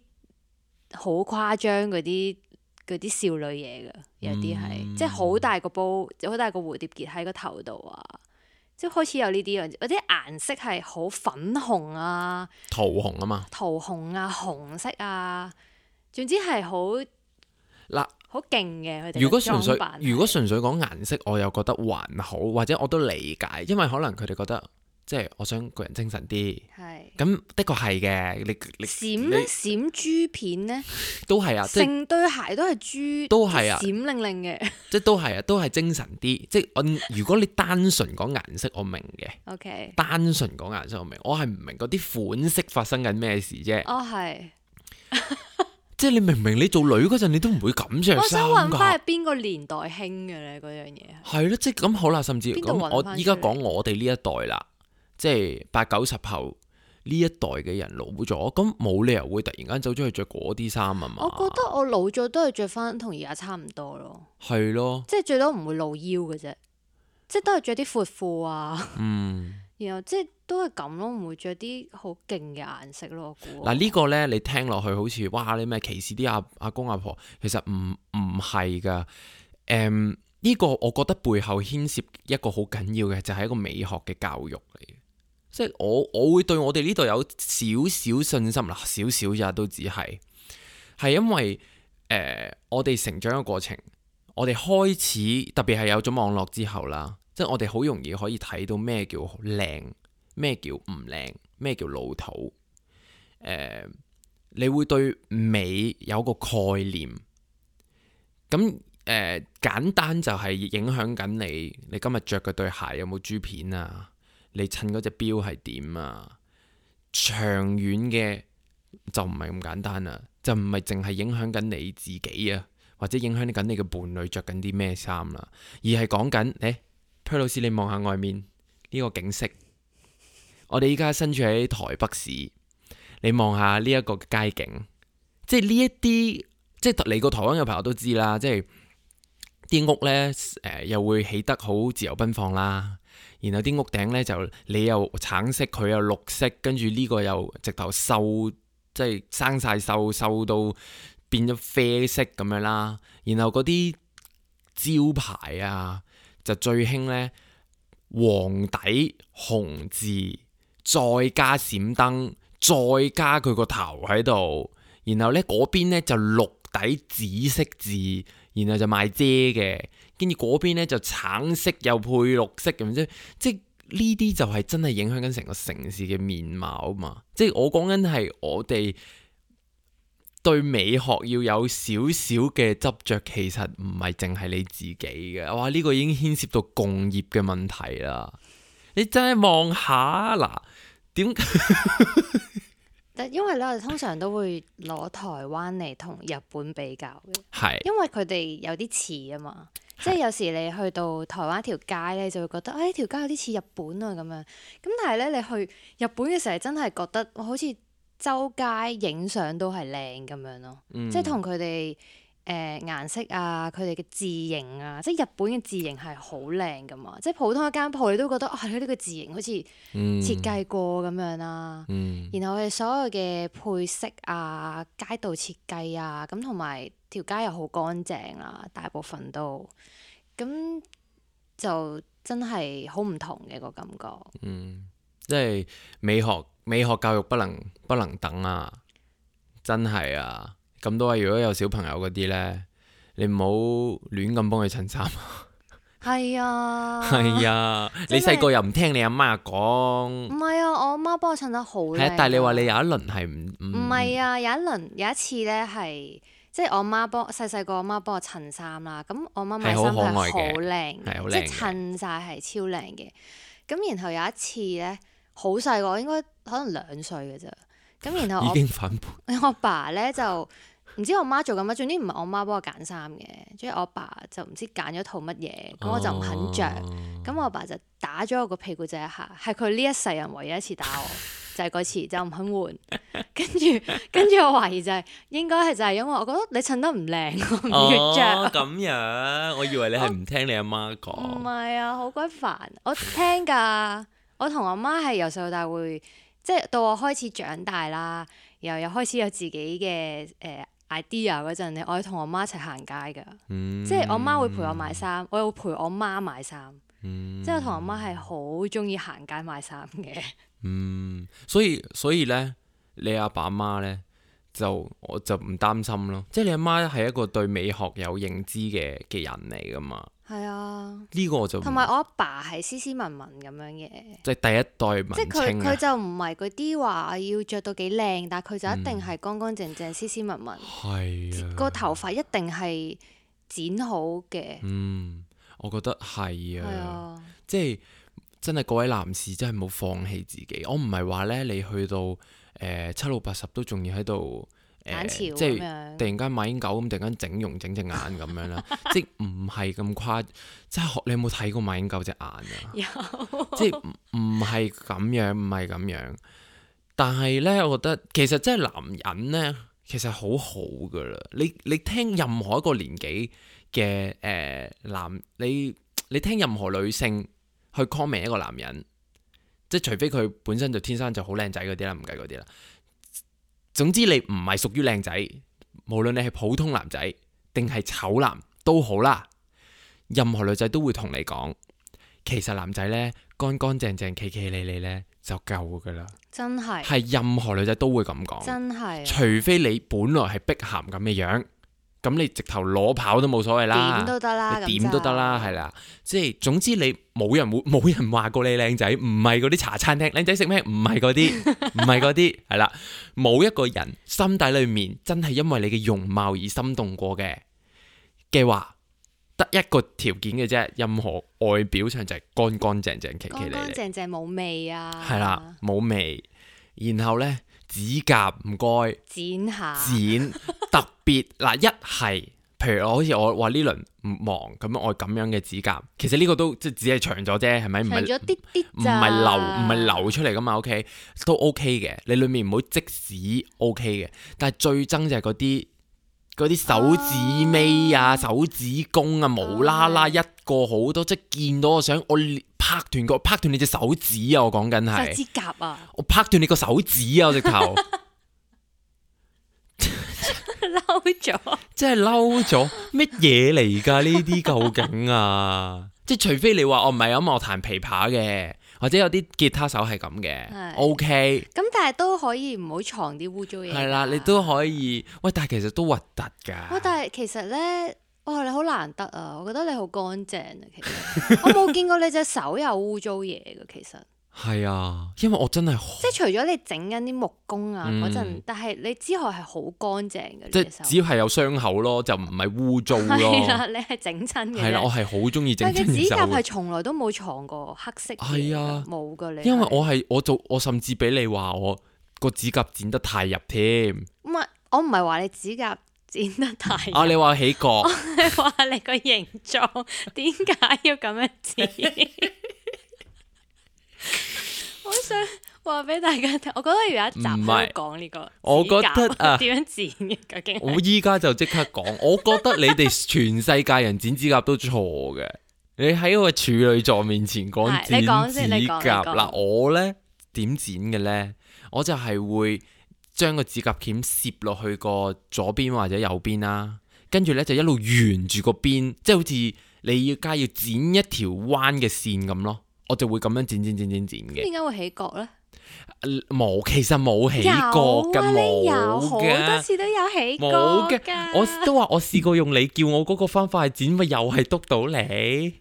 好誇張嗰啲啲少女嘢噶，有啲係、嗯、即係好大個包，好大個蝴蝶結喺個頭度啊！即係開始有呢啲啊，嗰啲顏色係好粉紅啊、桃紅啊嘛、桃紅啊、紅色啊，總之係好嗱，好勁嘅佢哋。如果純粹如果純粹講顏色，我又覺得還好，或者我都理解，因為可能佢哋覺得。即係我想個人精神啲，咁的確係嘅，你你閃閃珠片咧，都係啊，成對鞋都係珠，都係啊，閃靈靈嘅，即係都係啊，都係精神啲，即係我如果你單純講顏色，我明嘅，ok，單純講顏色我明，我係唔明嗰啲款式發生緊咩事啫，哦係，即係你明唔明你做女嗰陣，你都唔會咁着衫噶，我想問翻係邊個年代興嘅咧嗰樣嘢？係咯，即係咁好啦，甚至咁我依家講我哋呢一代啦。即係八九十後呢一代嘅人老咗，咁冇理由會突然間走咗去着嗰啲衫啊嘛。我覺得我老咗都係着翻同而家差唔多咯，係咯，即係最多唔會露腰嘅啫，即係都係着啲闊褲啊。嗯，然後即係都係咁咯，唔會着啲好勁嘅顏色咯。嗱呢個呢，你聽落去好似哇，你咩歧視啲阿阿公阿婆，其實唔唔係噶。誒，呢個我覺得背後牽涉一個好緊要嘅，就係一個美學嘅教育嚟。即係我我會對我哋呢度有少少信心啦，少少咋都只係係因為誒、呃，我哋成長嘅過程，我哋開始特別係有咗網絡之後啦，即係我哋好容易可以睇到咩叫靚，咩叫唔靚，咩叫老土。誒、呃，你會對美有個概念咁誒、呃，簡單就係影響緊你，你今日着嘅對鞋有冇珠片啊？你襯嗰隻錶係點啊？長遠嘅就唔係咁簡單啦，啊，就唔係淨係影響緊你自己啊，或者影響緊你嘅伴侶着緊啲咩衫啦，而係講緊誒 Per 老師，欸、oss, 你望下外面呢、呢個景色，我哋依家身處喺台北市，你望下呢一個街景，即係呢一啲，即係嚟過台灣嘅朋友都知啦，即係啲屋呢，誒、呃，又會起得好自由奔放啦。然後啲屋頂呢，就你又橙色，佢又綠色，跟住呢個又直頭瘦，即係生晒瘦，瘦到變咗啡色咁樣啦。然後嗰啲招牌啊，就最興呢黃底紅字，再加閃燈，再加佢個頭喺度。然後呢嗰邊呢，就綠底紫色字，然後就賣遮嘅。跟住嗰邊呢，就橙色又配綠色咁啫，即係呢啲就係真係影響緊成個城市嘅面貌嘛。即係我講緊係我哋對美學要有少少嘅執着，其實唔係淨係你自己嘅。哇，呢個已經牽涉到共業嘅問題啦。你真係望下嗱，點？但 因為咧，我哋通常都會攞台灣嚟同日本比較嘅，係是因為佢哋有啲似啊嘛。即係有時你去到台灣一條街咧，就會覺得啊，呢是、哎、條街有啲似日本啊咁樣。咁但係咧，你去日本嘅時候，真係覺得好似周街影相都係靚咁樣咯，嗯、即係同佢哋。誒、呃、顏色啊，佢哋嘅字形啊，即係日本嘅字形係好靚噶嘛，即係普通一間鋪你都覺得啊，佢呢個字形好似設計過咁樣啦、啊。嗯嗯、然後佢哋所有嘅配色啊、街道設計啊，咁同埋條街又好乾淨啊，大部分都咁就真係好唔同嘅個感覺。嗯，即係美學美學教育不能不能等啊，真係啊！咁多啊！如果有小朋友嗰啲咧，你唔好亂咁幫佢襯衫。係 啊，係啊，你細個又唔聽你阿媽講。唔係啊，我阿媽幫我襯得好靚、啊。但係你話你有一輪係唔唔？係、嗯、啊，有一輪有一次咧係，即、就、係、是、我阿媽幫細細個阿媽幫我襯衫啦。咁我阿媽買衫係好靚，即係襯晒係超靚嘅。咁然後有一次咧，好細個，應該可能兩歲嘅咋。咁然後 已經反叛，我爸咧就。唔知我媽做緊乜，總之唔係我媽幫我揀衫嘅，之後我爸，爸就唔知揀咗套乜嘢，咁、哦、我就唔肯着。咁我爸就打咗我個屁股仔一下，係佢呢一世人唯一一次打我， 就係嗰次就唔、是、肯換，跟住跟住我懷疑就係、是、應該係就係因為我覺得你襯得唔靚，我唔要著。咁 樣，我以為你係唔聽你阿媽講。唔係啊，好鬼煩，我聽㗎，我同阿媽係由細到大會，即、就、係、是、到我開始長大啦，然後又開始有自己嘅誒。呃 idea 嗰陣咧，我要同我媽一齊行街噶，嗯、即係我媽會陪我買衫，嗯、我又陪我媽買衫，嗯、即係我同我媽係好中意行街買衫嘅。嗯，所以所以咧，你阿爸阿媽咧就我就唔擔心咯，即係你阿媽係一個對美學有認知嘅嘅人嚟噶嘛。係啊，呢個我就同埋我阿爸係斯斯文文咁樣嘅，即係第一代文青，啊、即係佢佢就唔係嗰啲話要着到幾靚，但係佢就一定係乾乾淨淨，嗯、斯斯文文，係啊，個頭髮一定係剪好嘅。嗯，我覺得係啊，即係，啊就是、真係各位男士真係冇放棄自己。我唔係話咧，你去到誒、呃、七老八十都仲要喺度。呃、眼潮啊、即係突然間馬英九咁，突然間整容整隻眼咁樣啦， 即係唔係咁誇，即係學你有冇睇過馬英九隻眼啊？ 有即係唔係咁樣，唔係咁樣，但係呢，我覺得其實真係男人呢，其實好好噶啦。你你聽任何一個年紀嘅，誒男，你你聽任何女性去 comment 一個男人，即係除非佢本身就天生就好靚仔嗰啲啦，唔計嗰啲啦。總之你唔係屬於靚仔，無論你係普通男仔定係醜男都好啦，任何女仔都會同你講，其實男仔呢，乾乾淨淨、企企理理呢，就夠噶啦。真係係任何女仔都會咁講，真係，除非你本來係碧咸咁嘅樣。咁你直頭攞跑都冇所謂啦，點都得啦，點都得啦，係啦，即係總之你冇人冇冇人話過你靚仔，唔係嗰啲茶餐廳靚仔食咩？唔係嗰啲，唔係嗰啲，係啦，冇一個人心底裏面真係因為你嘅容貌而心動過嘅嘅話，得一個條件嘅啫，任何外表上就係乾乾淨淨、奇奇哋，乾乾淨淨冇味啊，係啦，冇味，然後呢。指甲唔該，剪下，剪特別嗱， 一係譬如我好似我話呢輪唔忙咁樣，我咁樣嘅指甲，其實呢個都即係只係長咗啫，係咪？除咗唔係流，唔係流出嚟噶嘛，OK，都 OK 嘅。你裡面唔好積屎 OK 嘅。但係最憎就係嗰啲。嗰啲手指尾啊，手指公啊，無啦啦一個好多，即係見到我想我拍斷個拍斷你隻手指啊！我講緊係手指甲啊！我拍斷你個手指啊！我只頭，嬲咗 了，即係嬲咗咩嘢嚟噶？呢啲究竟啊？ 即係除非你話我唔係咁，我彈琵琶嘅。或者有啲吉他手係咁嘅，OK。咁的 Okay 但係都可以唔好藏啲污糟嘢。係啦，你都可以。喂，但係其實都核突噶。喂，但係其實咧，哇，你好難得啊！我覺得你好乾淨啊，其實 我冇見過你隻手有污糟嘢噶，其實。係啊，因為我真係即係除咗你整緊啲木工啊嗰陣，嗯、但係你之後係好乾淨嘅。即只要係有傷口咯，就唔係污糟咯。係啦、啊，你係整親嘅。係啦、啊，我係好中意整親，但係指甲係從來都冇藏過黑色。係啊，冇噶你。因為我係我做我甚至畀你話我個指甲剪得太入添。唔係，我唔係話你指甲剪得太入。啊，你話起角、啊？你係話你個形狀點解要咁樣剪？ 好想話俾大家聽，我覺得有一集講呢個，我覺得啊，點樣剪嘅究竟？我依家就即刻講， 我覺得你哋全世界人剪指甲都錯嘅。你喺個處女座面前講剪指甲嗱，我呢點剪嘅呢？我就係會將個指甲鉗攝落去個左邊或者右邊啦，跟住呢，就一路沿住個邊，即係好似你要加要剪一條彎嘅線咁咯。我就會咁樣剪剪剪剪剪嘅。點解會起角咧？冇，其實冇起角噶，有好多次都有起角嘅。我都話我試過用你叫我嗰個方法去剪，咪又係篤到你。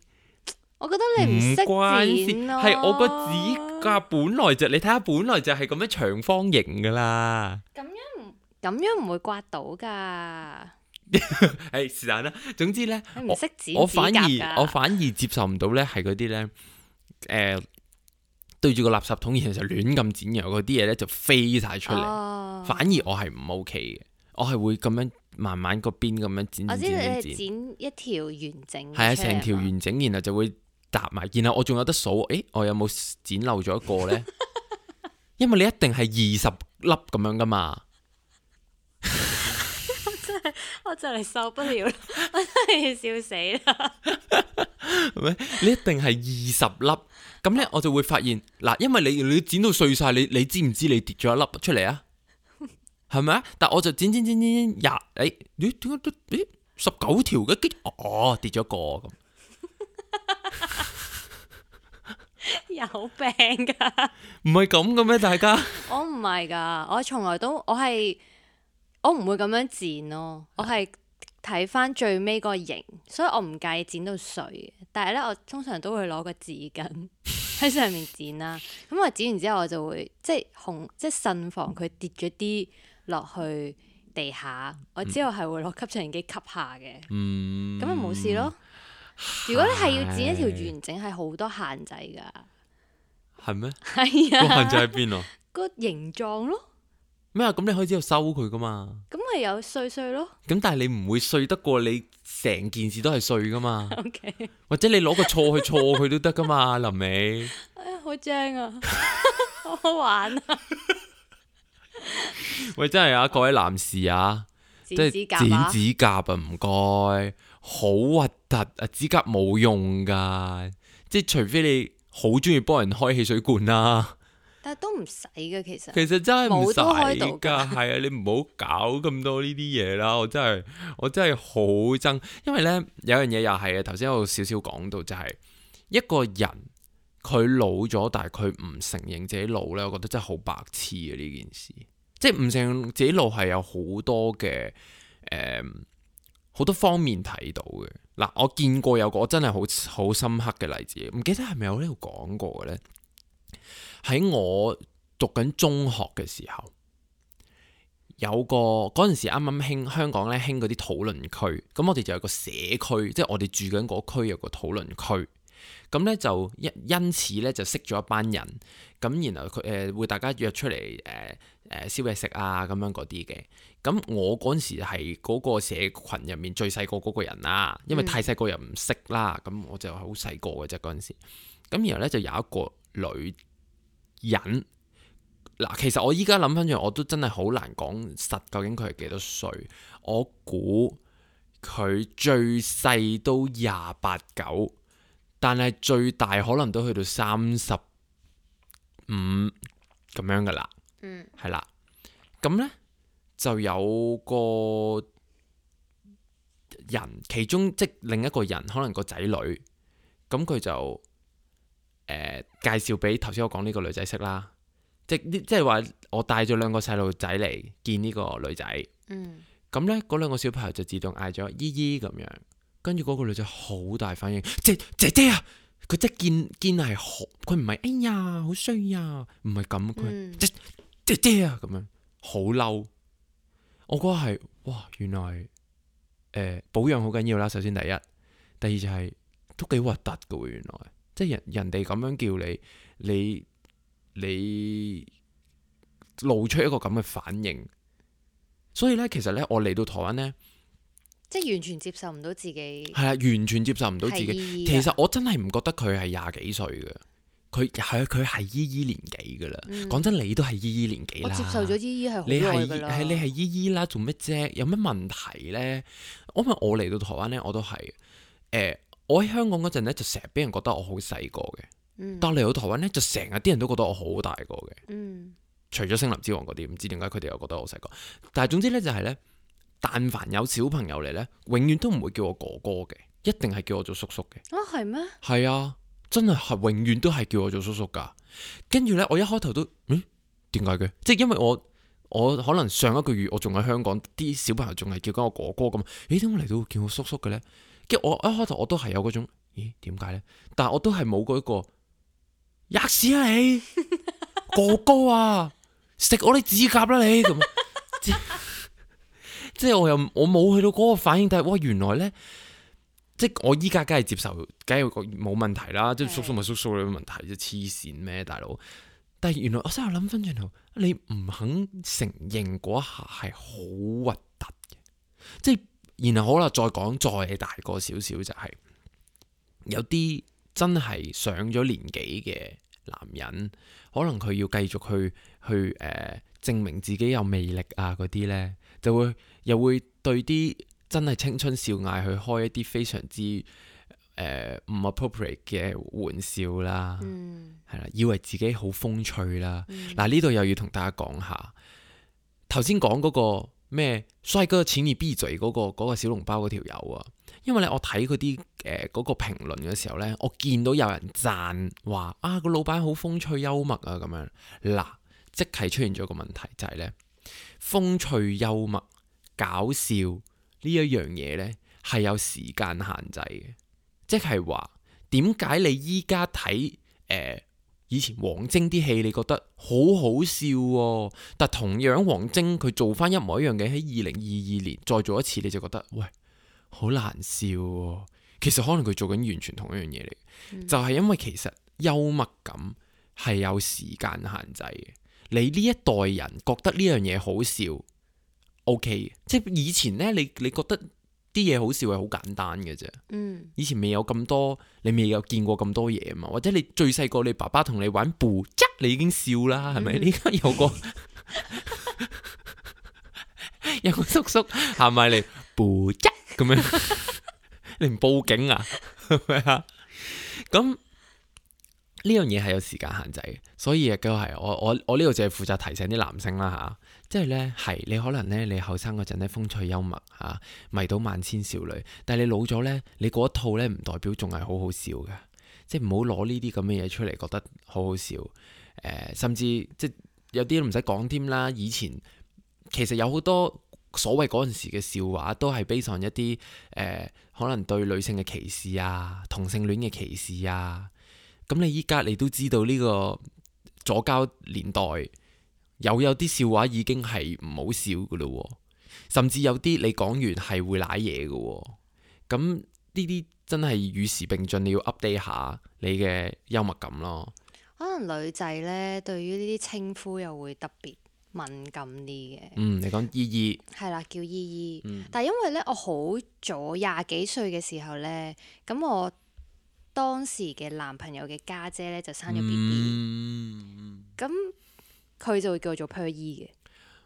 我覺得你唔識剪，係我個指甲本來就你睇下本來就係咁樣長方形噶啦。咁樣唔咁樣唔會刮到噶誒，是但啦。總之咧，我我反而我反而接受唔到咧，係嗰啲咧。誒、呃、對住個垃圾桶，然後就亂咁剪，然後嗰啲嘢咧就飛晒出嚟。哦、反而我係唔 OK 嘅，我係會咁樣慢慢個邊咁樣剪。剪，我知你係剪一條完，啊、完整，係啊嗎，成條完整，然後就會搭埋。然後我仲有得數，誒，我有冇剪漏咗一個咧？ 因為你一定係二十粒咁樣噶嘛。 我就嚟受不了啦！我真係要笑死啦！喂，你一定係二十粒咁咧，我就會發現嗱，因為你你剪到碎晒，你你知唔知你跌咗一粒出嚟啊？係咪啊？但我就剪剪剪剪剪廿，誒，點解都誒十九條嘅？哦，跌咗一個咁，有病噶？唔係咁嘅咩？大家，我唔係噶，我從來都我係。我唔會咁樣剪咯，我係睇翻最尾個形，所以我唔介意剪到碎。但係咧，我通常都會攞個紙巾喺上面剪啦、啊。咁、 嗯、我剪完之後，我就會即係紅即係慎防佢跌咗啲落去地下。我之後係會攞吸塵機吸下嘅，咁、嗯、就冇事咯。是如果你係要剪一條完整，係好多限制㗎。係咩？係啊，個限制喺邊啊？個 形狀咯。咩啊？咁你可以之後收佢噶嘛？咁咪有碎碎咯？咁但係你唔會碎得過你成件事都係碎噶嘛？Okay. 或者你攞個錯去錯佢都得噶嘛？林美，哎好正啊， 好好玩啊！ 喂，真係啊，各位男士啊，剪指甲剪指甲啊，唔該、啊，好核突啊！指甲冇用噶，即係除非你好中意幫人開汽水罐啦、啊。但都唔使嘅，其實其實真係唔使㗎，係啊！的 你唔好搞咁多呢啲嘢啦，我真係我真係好憎，因為呢有樣嘢又係嘅，頭先我有少少講到就係、係、一個人佢老咗，但係佢唔承認自己老呢，我覺得真係好白痴嘅呢件事，即係唔承認自己老係有好多嘅誒好多方面睇到嘅。嗱，我見過有個真係好好深刻嘅例子，唔記得係咪有呢度講過嘅呢？喺我讀緊中學嘅時候，有個嗰陣時啱啱興香港咧興嗰啲討論區，咁我哋就有個社區，即係我哋住緊嗰區有個討論區，咁咧就因因此咧就識咗一班人，咁然後佢誒、呃、會大家約出嚟誒誒燒嘢食啊咁樣嗰啲嘅，咁我嗰陣時係嗰個社群入面最細個嗰個人啦，因為太細個又唔識啦，咁、嗯、我就好細個嘅啫嗰陣時，咁然後咧就有一個女。人嗱，其實我依家諗翻住，我都真係好難講實究竟佢係幾多歲。我估佢最細都廿八九，但係最大可能都去到三十五咁樣噶啦。嗯，係啦。咁呢就有個人，其中即另一個人，可能個仔女，咁佢就。誒、呃，介紹俾頭先我講呢個女仔識啦，即係、嗯、呢，即係話我帶咗兩個細路仔嚟見呢個女仔。嗯，咁咧嗰兩個小朋友就自動嗌咗姨姨咁樣，跟住嗰個女仔好大反應，即姐，姐姐啊！佢即係見見係好，佢唔係哎呀好衰啊，唔係咁，佢即、嗯就是、姐，姐姐啊咁樣，好嬲。我覺得係哇，原來誒、呃、保養好緊要啦。首先第一，第二就係、是、都幾核突噶喎，原來。即係人人哋咁樣叫你，你你露出一個咁嘅反應，所以咧，其實咧，我嚟到台灣咧，即係完全接受唔到自己。係啊，完全接受唔到自己。其實我真係唔覺得佢係廿幾歲嘅，佢係佢係姨姨年紀㗎啦。講真，嗯，你都係姨姨年紀啦。我接受咗姨姨係好耐㗎啦。你係姨姨係啦，做乜啫？有乜問題咧？我問我嚟到台灣咧，我都係誒。欸我喺香港嗰陣咧，就成日俾人覺得我好細個嘅，嗯、但嚟到台灣咧，就成日啲人都覺得我好大個嘅。嗯、除咗《森林之王》嗰啲，唔知點解佢哋又覺得我細個。但係總之咧，就係、是、咧，但凡有小朋友嚟咧，永遠都唔會叫我哥哥嘅，一定係叫我做叔叔嘅。啊、哦，係咩？係啊，真係係永遠都係叫我做叔叔噶。跟住咧，我一開頭都，嗯，點解嘅？即係因為我，我可能上一個月我仲喺香港，啲小朋友仲係叫緊我哥哥咁，咦，點解嚟到會叫我叔叔嘅咧？跟我一開頭我都係有嗰種，咦？點解咧？但係我都係冇嗰一個，吔屎啦你，哥哥啊，食我啲指甲啦，啊、你咁，即係我又我冇去到嗰個反應，但係我原來咧，即係我依家梗係接受，梗係冇問題啦，即係叔叔咪叔叔嘅問題，的即係黐綫咩，大佬？但係原來我真係諗翻轉頭，你唔肯承認嗰下係好核突嘅，即係。然後好啦，再講再大個少少就係、是、有啲真係上咗年紀嘅男人，可能佢要繼續去去誒、呃、證明自己有魅力啊嗰啲呢，就會又會對啲真係青春少艾去開一啲非常之誒唔、呃、appropriate 嘅玩笑啦，係啦、嗯，以為自己好風趣啦。嗱呢度又要同大家講下，頭先講嗰個。咩帥哥淺二 B 嘴嗰、嗰個、嗰個小籠包嗰條友啊？因為咧我睇佢啲誒嗰個評論嘅時候呢，我見到有人讚話啊個老闆好風趣幽默啊咁樣。嗱，即係出現咗個問題就係、係、呢風趣幽默搞笑呢一樣嘢呢，係有時間限制嘅，即係話點解你依家睇誒？呃以前王晶啲戲你覺得好好笑喎、哦，但同樣王晶佢做翻一模一樣嘅喺二零二二年再做一次，你就覺得喂好難笑、哦。其實可能佢做緊完全同一樣嘢嚟，嗯、就係因為其實幽默感係有時間限制嘅。你呢一代人覺得呢樣嘢好笑，OK，即係以前呢，你你覺得。啲嘢好笑係好簡單嘅啫，嗯、以前未有咁多，你未有見過咁多嘢啊嘛，或者你最細個你爸爸同你玩步，你已經笑啦，係咪？依家、嗯、 有個 有個叔叔係咪？ 你「嚟步，咁樣你唔報警啊？係咪 啊？咁。呢樣嘢係有時間限制，所以亦都係我我我呢度淨係負責提醒啲男性啦吓、啊，即係呢，係你可能呢，你後生嗰陣呢風趣幽默吓、啊、迷倒萬千少女，但係你老咗呢，你嗰一套呢，唔代表仲係好好笑嘅，即係唔好攞呢啲咁嘅嘢出嚟覺得好好笑，呃、甚至即有啲都唔使講添啦。以前其實有好多所謂嗰陣時嘅笑話都係悲痛一啲、呃、可能對女性嘅歧視啊，同性戀嘅歧視啊。咁你依家你都知道呢個左膠年代，又有有啲笑話已經係唔好笑嘅咯，甚至有啲你講完係會舐嘢嘅。咁呢啲真係與時並進，你要 update 下你嘅幽默感咯。可能女仔呢，對於呢啲稱呼又會特別敏感啲嘅。嗯，你講姨姨，係啦，叫姨姨。嗯，但係因為呢，我好早廿幾歲嘅時候呢，咁我。當時嘅男朋友嘅家姐咧就生咗 B B，咁佢就會叫我做 Per 姨嘅，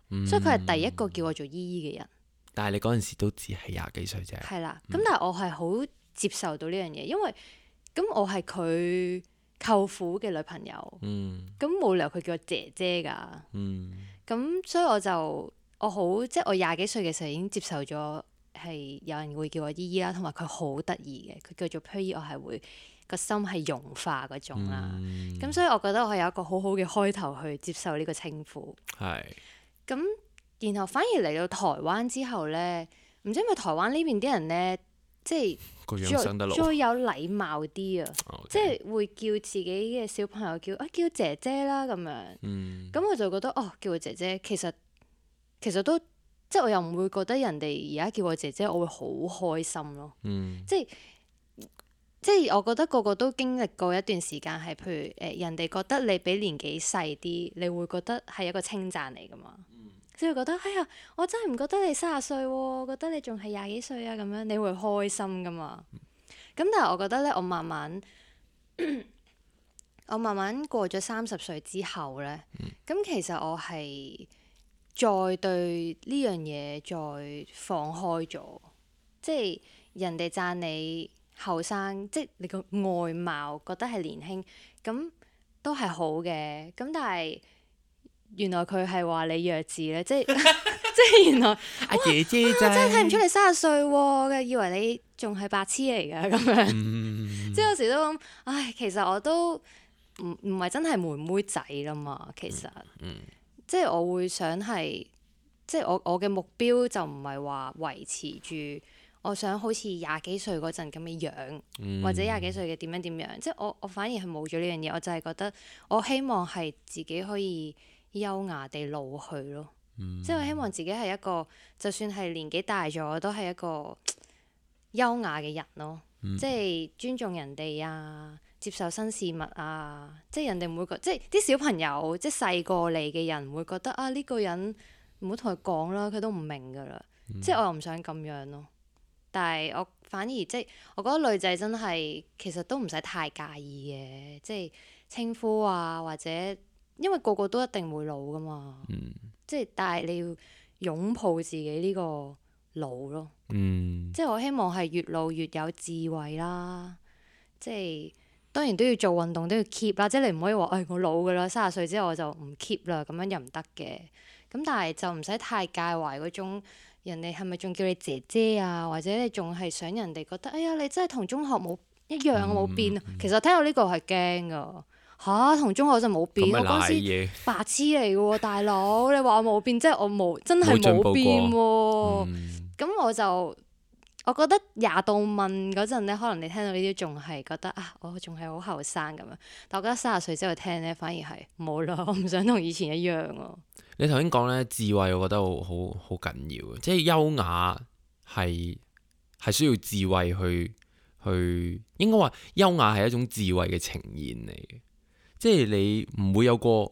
嗯、所以佢係第一個叫我做姨姨嘅人。但係你嗰陣時都只係廿幾歲啫，係啦了。咁、嗯、但係我係好接受到呢樣嘢，因為咁我係佢舅父嘅女朋友，咁冇、嗯、理由佢叫我姐姐噶。咁、嗯、所以我就我好，即係我廿幾歲嘅時候已經接受咗。係有人會叫我姨姨啦，同埋佢好得意嘅，佢叫做 Per 姨、e,，我係會個心係融化嗰種啦。咁、嗯、所以我覺得我係有一個好好嘅開頭去接受呢個稱呼。係是。咁然後反而嚟到台灣之後咧，唔知係咪台灣呢邊啲人咧，即係最，最有禮貌啲啊，Okay 即係會叫自己嘅小朋友叫啊叫姐姐啦咁樣。嗯。咁我就覺得哦叫姐姐其實其實都。即係我又唔會覺得人哋而家叫我姐姐，我會好開心咯。嗯、即係即係我覺得個個都經歷過一段時間，係譬如誒、呃、人哋覺得你比年紀細啲，你會覺得係一個稱讚嚟噶嘛。嗯，所以會覺得哎呀，我真係唔覺得你卅歲喎，啊，我覺得你仲係廿幾歲啊咁樣，你會開心噶嘛。咁、嗯、但係我覺得咧，我慢慢 我慢慢過咗三十歲之後咧，咁、嗯嗯、其實我係。再對呢樣嘢再放開咗，即係人哋讚你後生，即係你個外貌覺得係年輕，咁都係好嘅。咁但係原來佢係話你弱智咧， 即係即係原來阿姐姐，姐真係睇唔出你三十歲嘅、啊，以為你仲係白痴嚟㗎咁樣。即係有時都咁唉，其實我都唔唔係真係妹妹仔啦嘛，其實。嗯嗯即係我會想係，即係我我嘅目標就唔係話維持住，我想好似廿幾歲嗰陣咁嘅樣，嗯、或者廿幾歲嘅點樣點樣。即係我我反而係冇咗呢樣嘢，我就係覺得我希望係自己可以優雅地老去咯。嗯、即係我希望自己係一個，就算係年紀大咗都係一個優雅嘅人咯。嗯、即係尊重人哋啊。接受新事物啊，即係人哋唔會覺，即係啲小朋友即係細過嚟嘅人會覺得啊呢、呢個人唔好同佢講啦，佢都唔明噶啦。嗯、即係我又唔想咁樣咯，但係我反而即係我覺得女仔真係其實都唔使太介意嘅，即係稱呼啊或者，因為個個都一定會老噶嘛。嗯、即係但係你要擁抱自己呢個老咯。嗯、即係我希望係越老越有智慧啦，即係。當然都要做運動都要 keep 啦，即係你唔可以話，誒、哎、我老㗎啦，三十歲之後我就唔 keep 啦，咁樣又唔得嘅。咁但係就唔使太介懷嗰種人哋係咪仲叫你姐姐啊，或者你仲係想人哋覺得，哎呀你真係同中學冇一樣，冇變、嗯、啊。其實聽到呢個係驚㗎嚇，同中學就冇變。嗯、我咩賴白痴嚟㗎喎，大佬你話我冇變，即係我冇真係冇變喎。咁、嗯、我就。我覺得廿到問嗰陣咧，可能你聽到呢啲仲係覺得啊，我仲係好後生咁樣。但我覺得三十歲之後聽咧，反而係冇咯，我唔想同以前一樣咯、啊。你頭先講咧，智慧我覺得好好好緊要，即係優雅係係需要智慧去去，應該話優雅係一種智慧嘅呈現嚟嘅，即係你唔會有個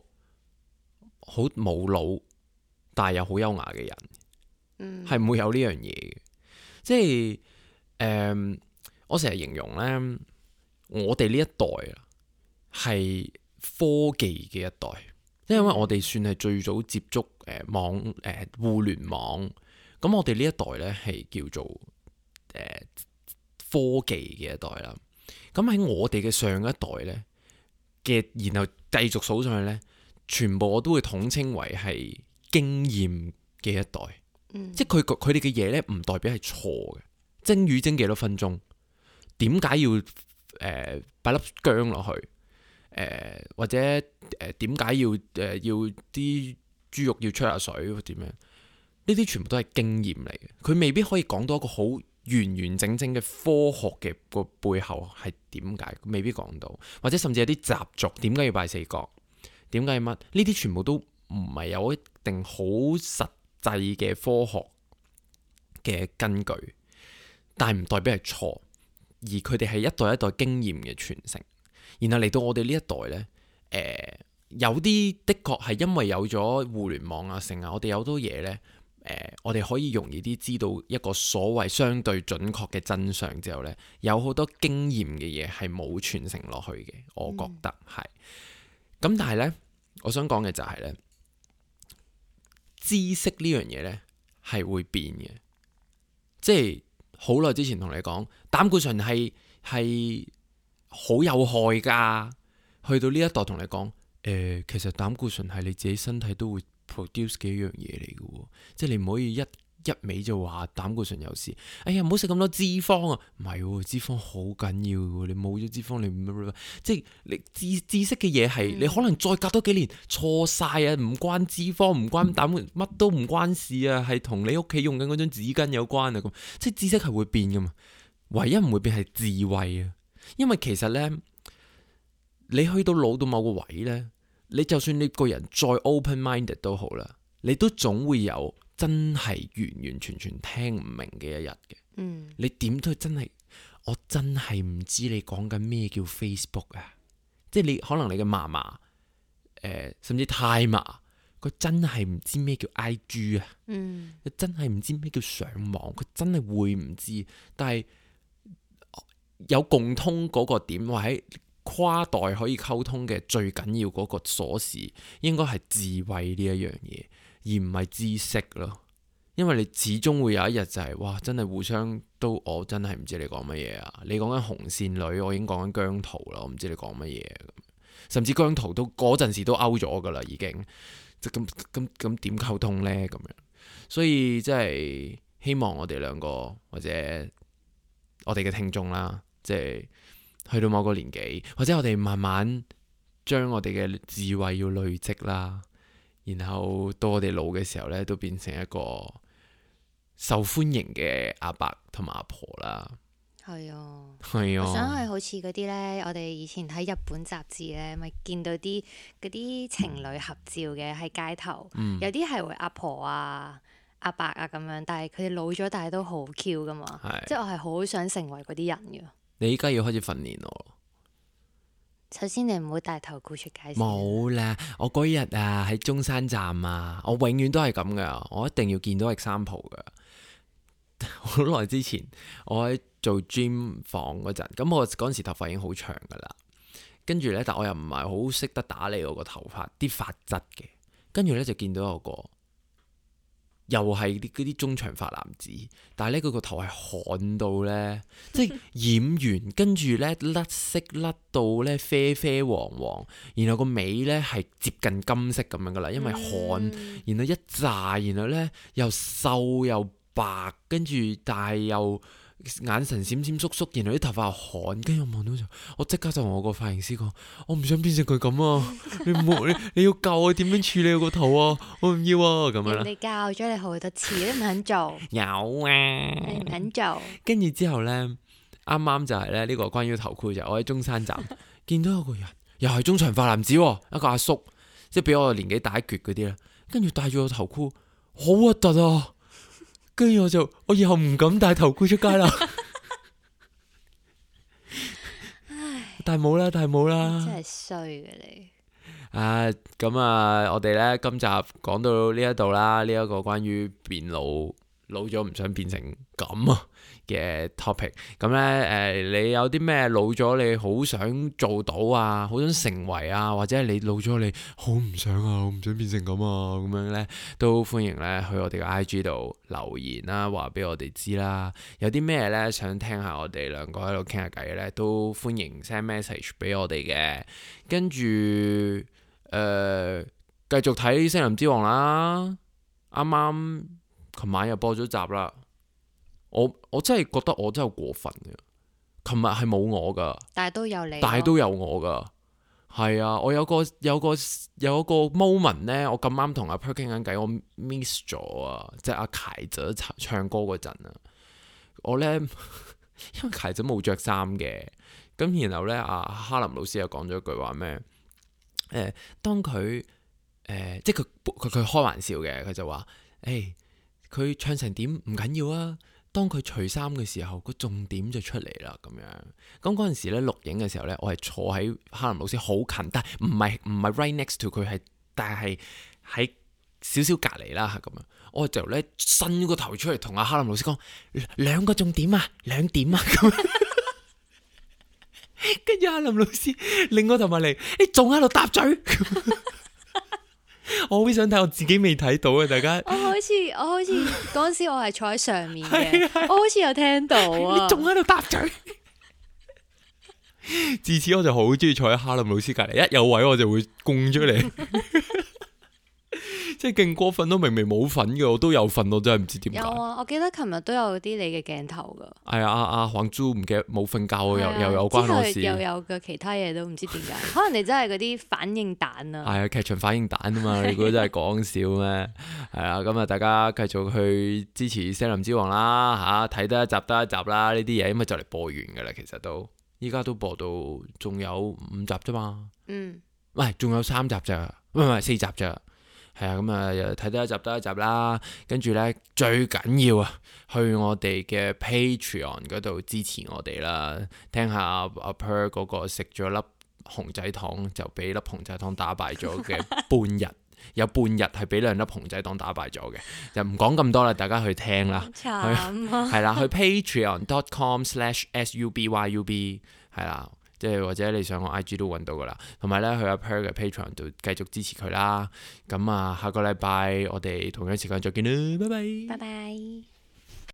好冇腦但係又好優雅嘅人，嗯，係唔會有呢樣嘢嘅。即係誒、嗯，我成日形容咧，我哋呢一代係科技嘅一代，因為我哋算係最早接觸誒網誒互聯網，咁、呃、我哋呢一代咧係叫做誒、呃、科技嘅一代啦。咁喺我哋嘅上一代咧嘅，然後繼續數上去咧，全部我都會統稱為係經驗嘅一代。即係佢佢哋嘅嘢呢，唔代表係錯嘅。蒸魚蒸幾多分鐘？點解要誒擺粒薑落去？誒、呃、或者誒點解要誒、呃、要啲豬肉要出下水？或點樣？呢啲全部都係經驗嚟嘅。佢未必可以講到一個好完完整整嘅科學嘅個背後係點解？未必講到，或者甚至有啲習俗，點解要拜四角？點解乜？呢啲全部都唔係有一定好實，細嘅科學嘅根據，但係唔代表係錯，而佢哋係一代一代經驗嘅傳承。然後嚟到我哋呢一代呢，誒、呃，有啲的確係因為有咗互聯網啊，成啊、呃，我哋有好多嘢呢，誒，我哋可以容易啲知道一個所謂相對準確嘅真相之後呢，有好多經驗嘅嘢係冇傳承落去嘅，我覺得係。咁、嗯、但係呢，我想講嘅就係、是、呢。知識呢樣嘢呢，係會變嘅。即係好耐之前同你講膽固醇係係好有害㗎，去到呢一代同你講、呃，其實膽固醇係你自己身體都會 produce 嘅一樣嘢嚟嘅，即係你唔可以一。一味就話膽固醇有事，哎呀，唔好食咁多脂肪啊！唔係，啊，脂肪好緊要嘅，啊，你冇咗脂肪，你唔即係你知知識嘅嘢係，你可能再隔多幾年錯晒啊！唔關脂肪，唔關膽，乜都唔關事啊！係同你屋企用緊嗰張紙巾有關啊！咁即係知識係會變噶嘛，唯一唔會變係智慧啊！因為其實呢，你去到老到某個位呢，你就算你個人再 open minded 都好啦，你都總會有。真係完完全全聽唔明嘅一日嘅，嗯、你點都真係，我真係唔知你講緊咩叫 Facebook 啊！即係你可能你嘅嫲嫲，誒、呃、甚至太嫲，佢真係唔知咩叫 IG 啊！佢、嗯、真係唔知咩叫上網，佢真係會唔知。但係有共通嗰個點，或者跨代可以溝通嘅最緊要嗰個鎖匙，應該係智慧呢一樣嘢。而唔係知識咯，因為你始終會有一日就係、是、哇，真係互相都我真係唔知你講乜嘢啊！你講緊紅線女，我已經講緊姜濤啦，我唔知你講乜嘢。甚至姜濤都嗰陣時都勾咗㗎喇，已經即係咁咁咁點溝通呢？咁樣。所以即係希望我哋兩個或者我哋嘅聽眾啦，即係去到某個年紀，或者我哋慢慢將我哋嘅智慧要累積啦。然後到我哋老嘅時候咧，都變成一個受歡迎嘅阿伯同埋阿婆啦。係啊、哦，係啊、哦。我想係好似嗰啲咧，我哋以前喺日本雜誌咧，咪見到啲嗰啲情侶合照嘅喺、嗯、街頭，有啲係會阿婆啊、阿伯啊咁樣，但係佢哋老咗，但係都好 Q 噶嘛。是即係我係好想成為嗰啲人嘅。你依家要開始訓練咯。首先你唔好戴頭箍出街先。冇啦，我嗰日啊喺中山站啊，我永遠都係咁噶，我一定要見到 example 噶。好 耐之前，我喺做 gym 房嗰陣，咁我嗰時頭髮已經好長噶啦。跟住呢，但我又唔係好識得打理我個頭髮啲髮質嘅。跟住呢，就見到我個。又係啲啲中長髮男子，但係咧，佢個頭係旱到呢， 即係染完跟住呢甩色甩到呢啡啡黃黃，然後個尾呢係接近金色咁樣噶啦，因為旱，嗯、然後一扎，然後呢又瘦又白，跟住但係又。眼神閃閃縮縮，然後啲頭髮寒，跟住我望到就，我即刻就同我個髮型師講，我唔想變成佢咁啊！你唔好你你要教我點樣處理我個頭啊！我唔要啊！咁樣，教你教咗你好多次，你唔肯做。有啊，你唔肯做。跟住之後呢，啱啱就係咧呢、這個關於頭箍就是，我喺中山站見到有個人，又係中長髮男子、哦，一個阿叔，即係比我年紀大一橛嗰啲咧，跟住戴住個頭箍，好核突啊！跟住我就，我以後唔敢戴頭盔出街啦。唉，但係冇啦，但係冇啦。真係衰嘅你。唉，咁啊，我哋咧今集講到呢一度啦，呢一個關於變老。老咗唔想變成咁啊嘅 topic，咁呢，誒、呃，你有啲咩老咗你好想做到啊，好想成為啊，或者你老咗你好唔想啊，好唔想變成咁啊咁樣呢，都歡迎呢去我哋個 IG 度留言啦，啊，話俾我哋知啦，有啲咩呢，想聽下我哋兩個喺度傾下偈呢，都歡迎 send message 俾我哋嘅，跟住誒、呃、繼續睇森林之王啦，啱啱。琴晚又播咗集啦，我我真係覺得我真係過分嘅。琴日係冇我㗎，但係都有你，但係都有我㗎。係啊，我有個有個有個 moment 呢。我咁啱同阿 Per 傾緊偈，我 miss 咗啊！即係阿凱仔唱唱歌嗰陣啊，我呢， 因為凱仔冇着衫嘅，咁然後呢，阿哈林老師又講咗一句話咩？誒、呃，當佢誒、呃、即係佢佢佢開玩笑嘅，佢就話誒。欸佢唱成點唔緊要啊，當佢除衫嘅時候，個重點就出嚟啦，咁樣。咁嗰陣時咧錄影嘅時候咧，我係坐喺哈林老師好近，但唔係唔係 right next to 佢係，但係喺少少隔籬啦，咁樣。我就咧伸個頭出嚟同阿哈林老師講，兩個重點啊，兩點啊，咁。跟住阿林老師擰我頭埋嚟，你仲喺度搭嘴。 我好想睇，我自己未睇到啊！大家，我好似我好似嗰陣時，我係坐喺上面嘅，我好似有聽到啊！你仲喺度搭嘴？ 自此我就好中意坐喺哈林老師隔籬，一有位我就會供出嚟。 即係勁過分，都明明冇份嘅，我都有份，我真係唔知點解。有啊，我記得琴日都有啲你嘅鏡頭噶。係、哎、啊，阿阿黃珠唔記得冇瞓覺、啊、又又有關我事又有嘅其他嘢都唔知點解。 可能你真係嗰啲反應彈啊。係啊、哎，劇場反應彈啊嘛， 你嗰個真係講笑咩？係啊，咁啊，大家繼續去支持《聲 林之王》啦，吓睇得一集得一,一集啦，呢啲嘢，因為就嚟播完噶啦，其實都依家都播到仲有五集啫嘛。嗯。喂，仲有三集咋？喂，係四集咋？係啊，咁啊睇多一集多一集啦，跟住咧最緊要啊，去我哋嘅 Patreon 嗰度支持我哋啦，聽下阿、 啊、Per 嗰個食咗粒熊仔糖就俾粒熊仔糖打敗咗嘅半日， 有半日係俾兩粒熊仔糖打敗咗嘅，就唔講咁多啦，大家去聽啦，係 啦，去 Patreon dot com slash subyub 係啦。即係或者你上我 IG 都揾到噶啦，同埋呢，去 Per 嘅 Patreon 就繼續支持佢啦。咁啊，下個禮拜我哋同樣時間再見啦，拜拜。拜拜。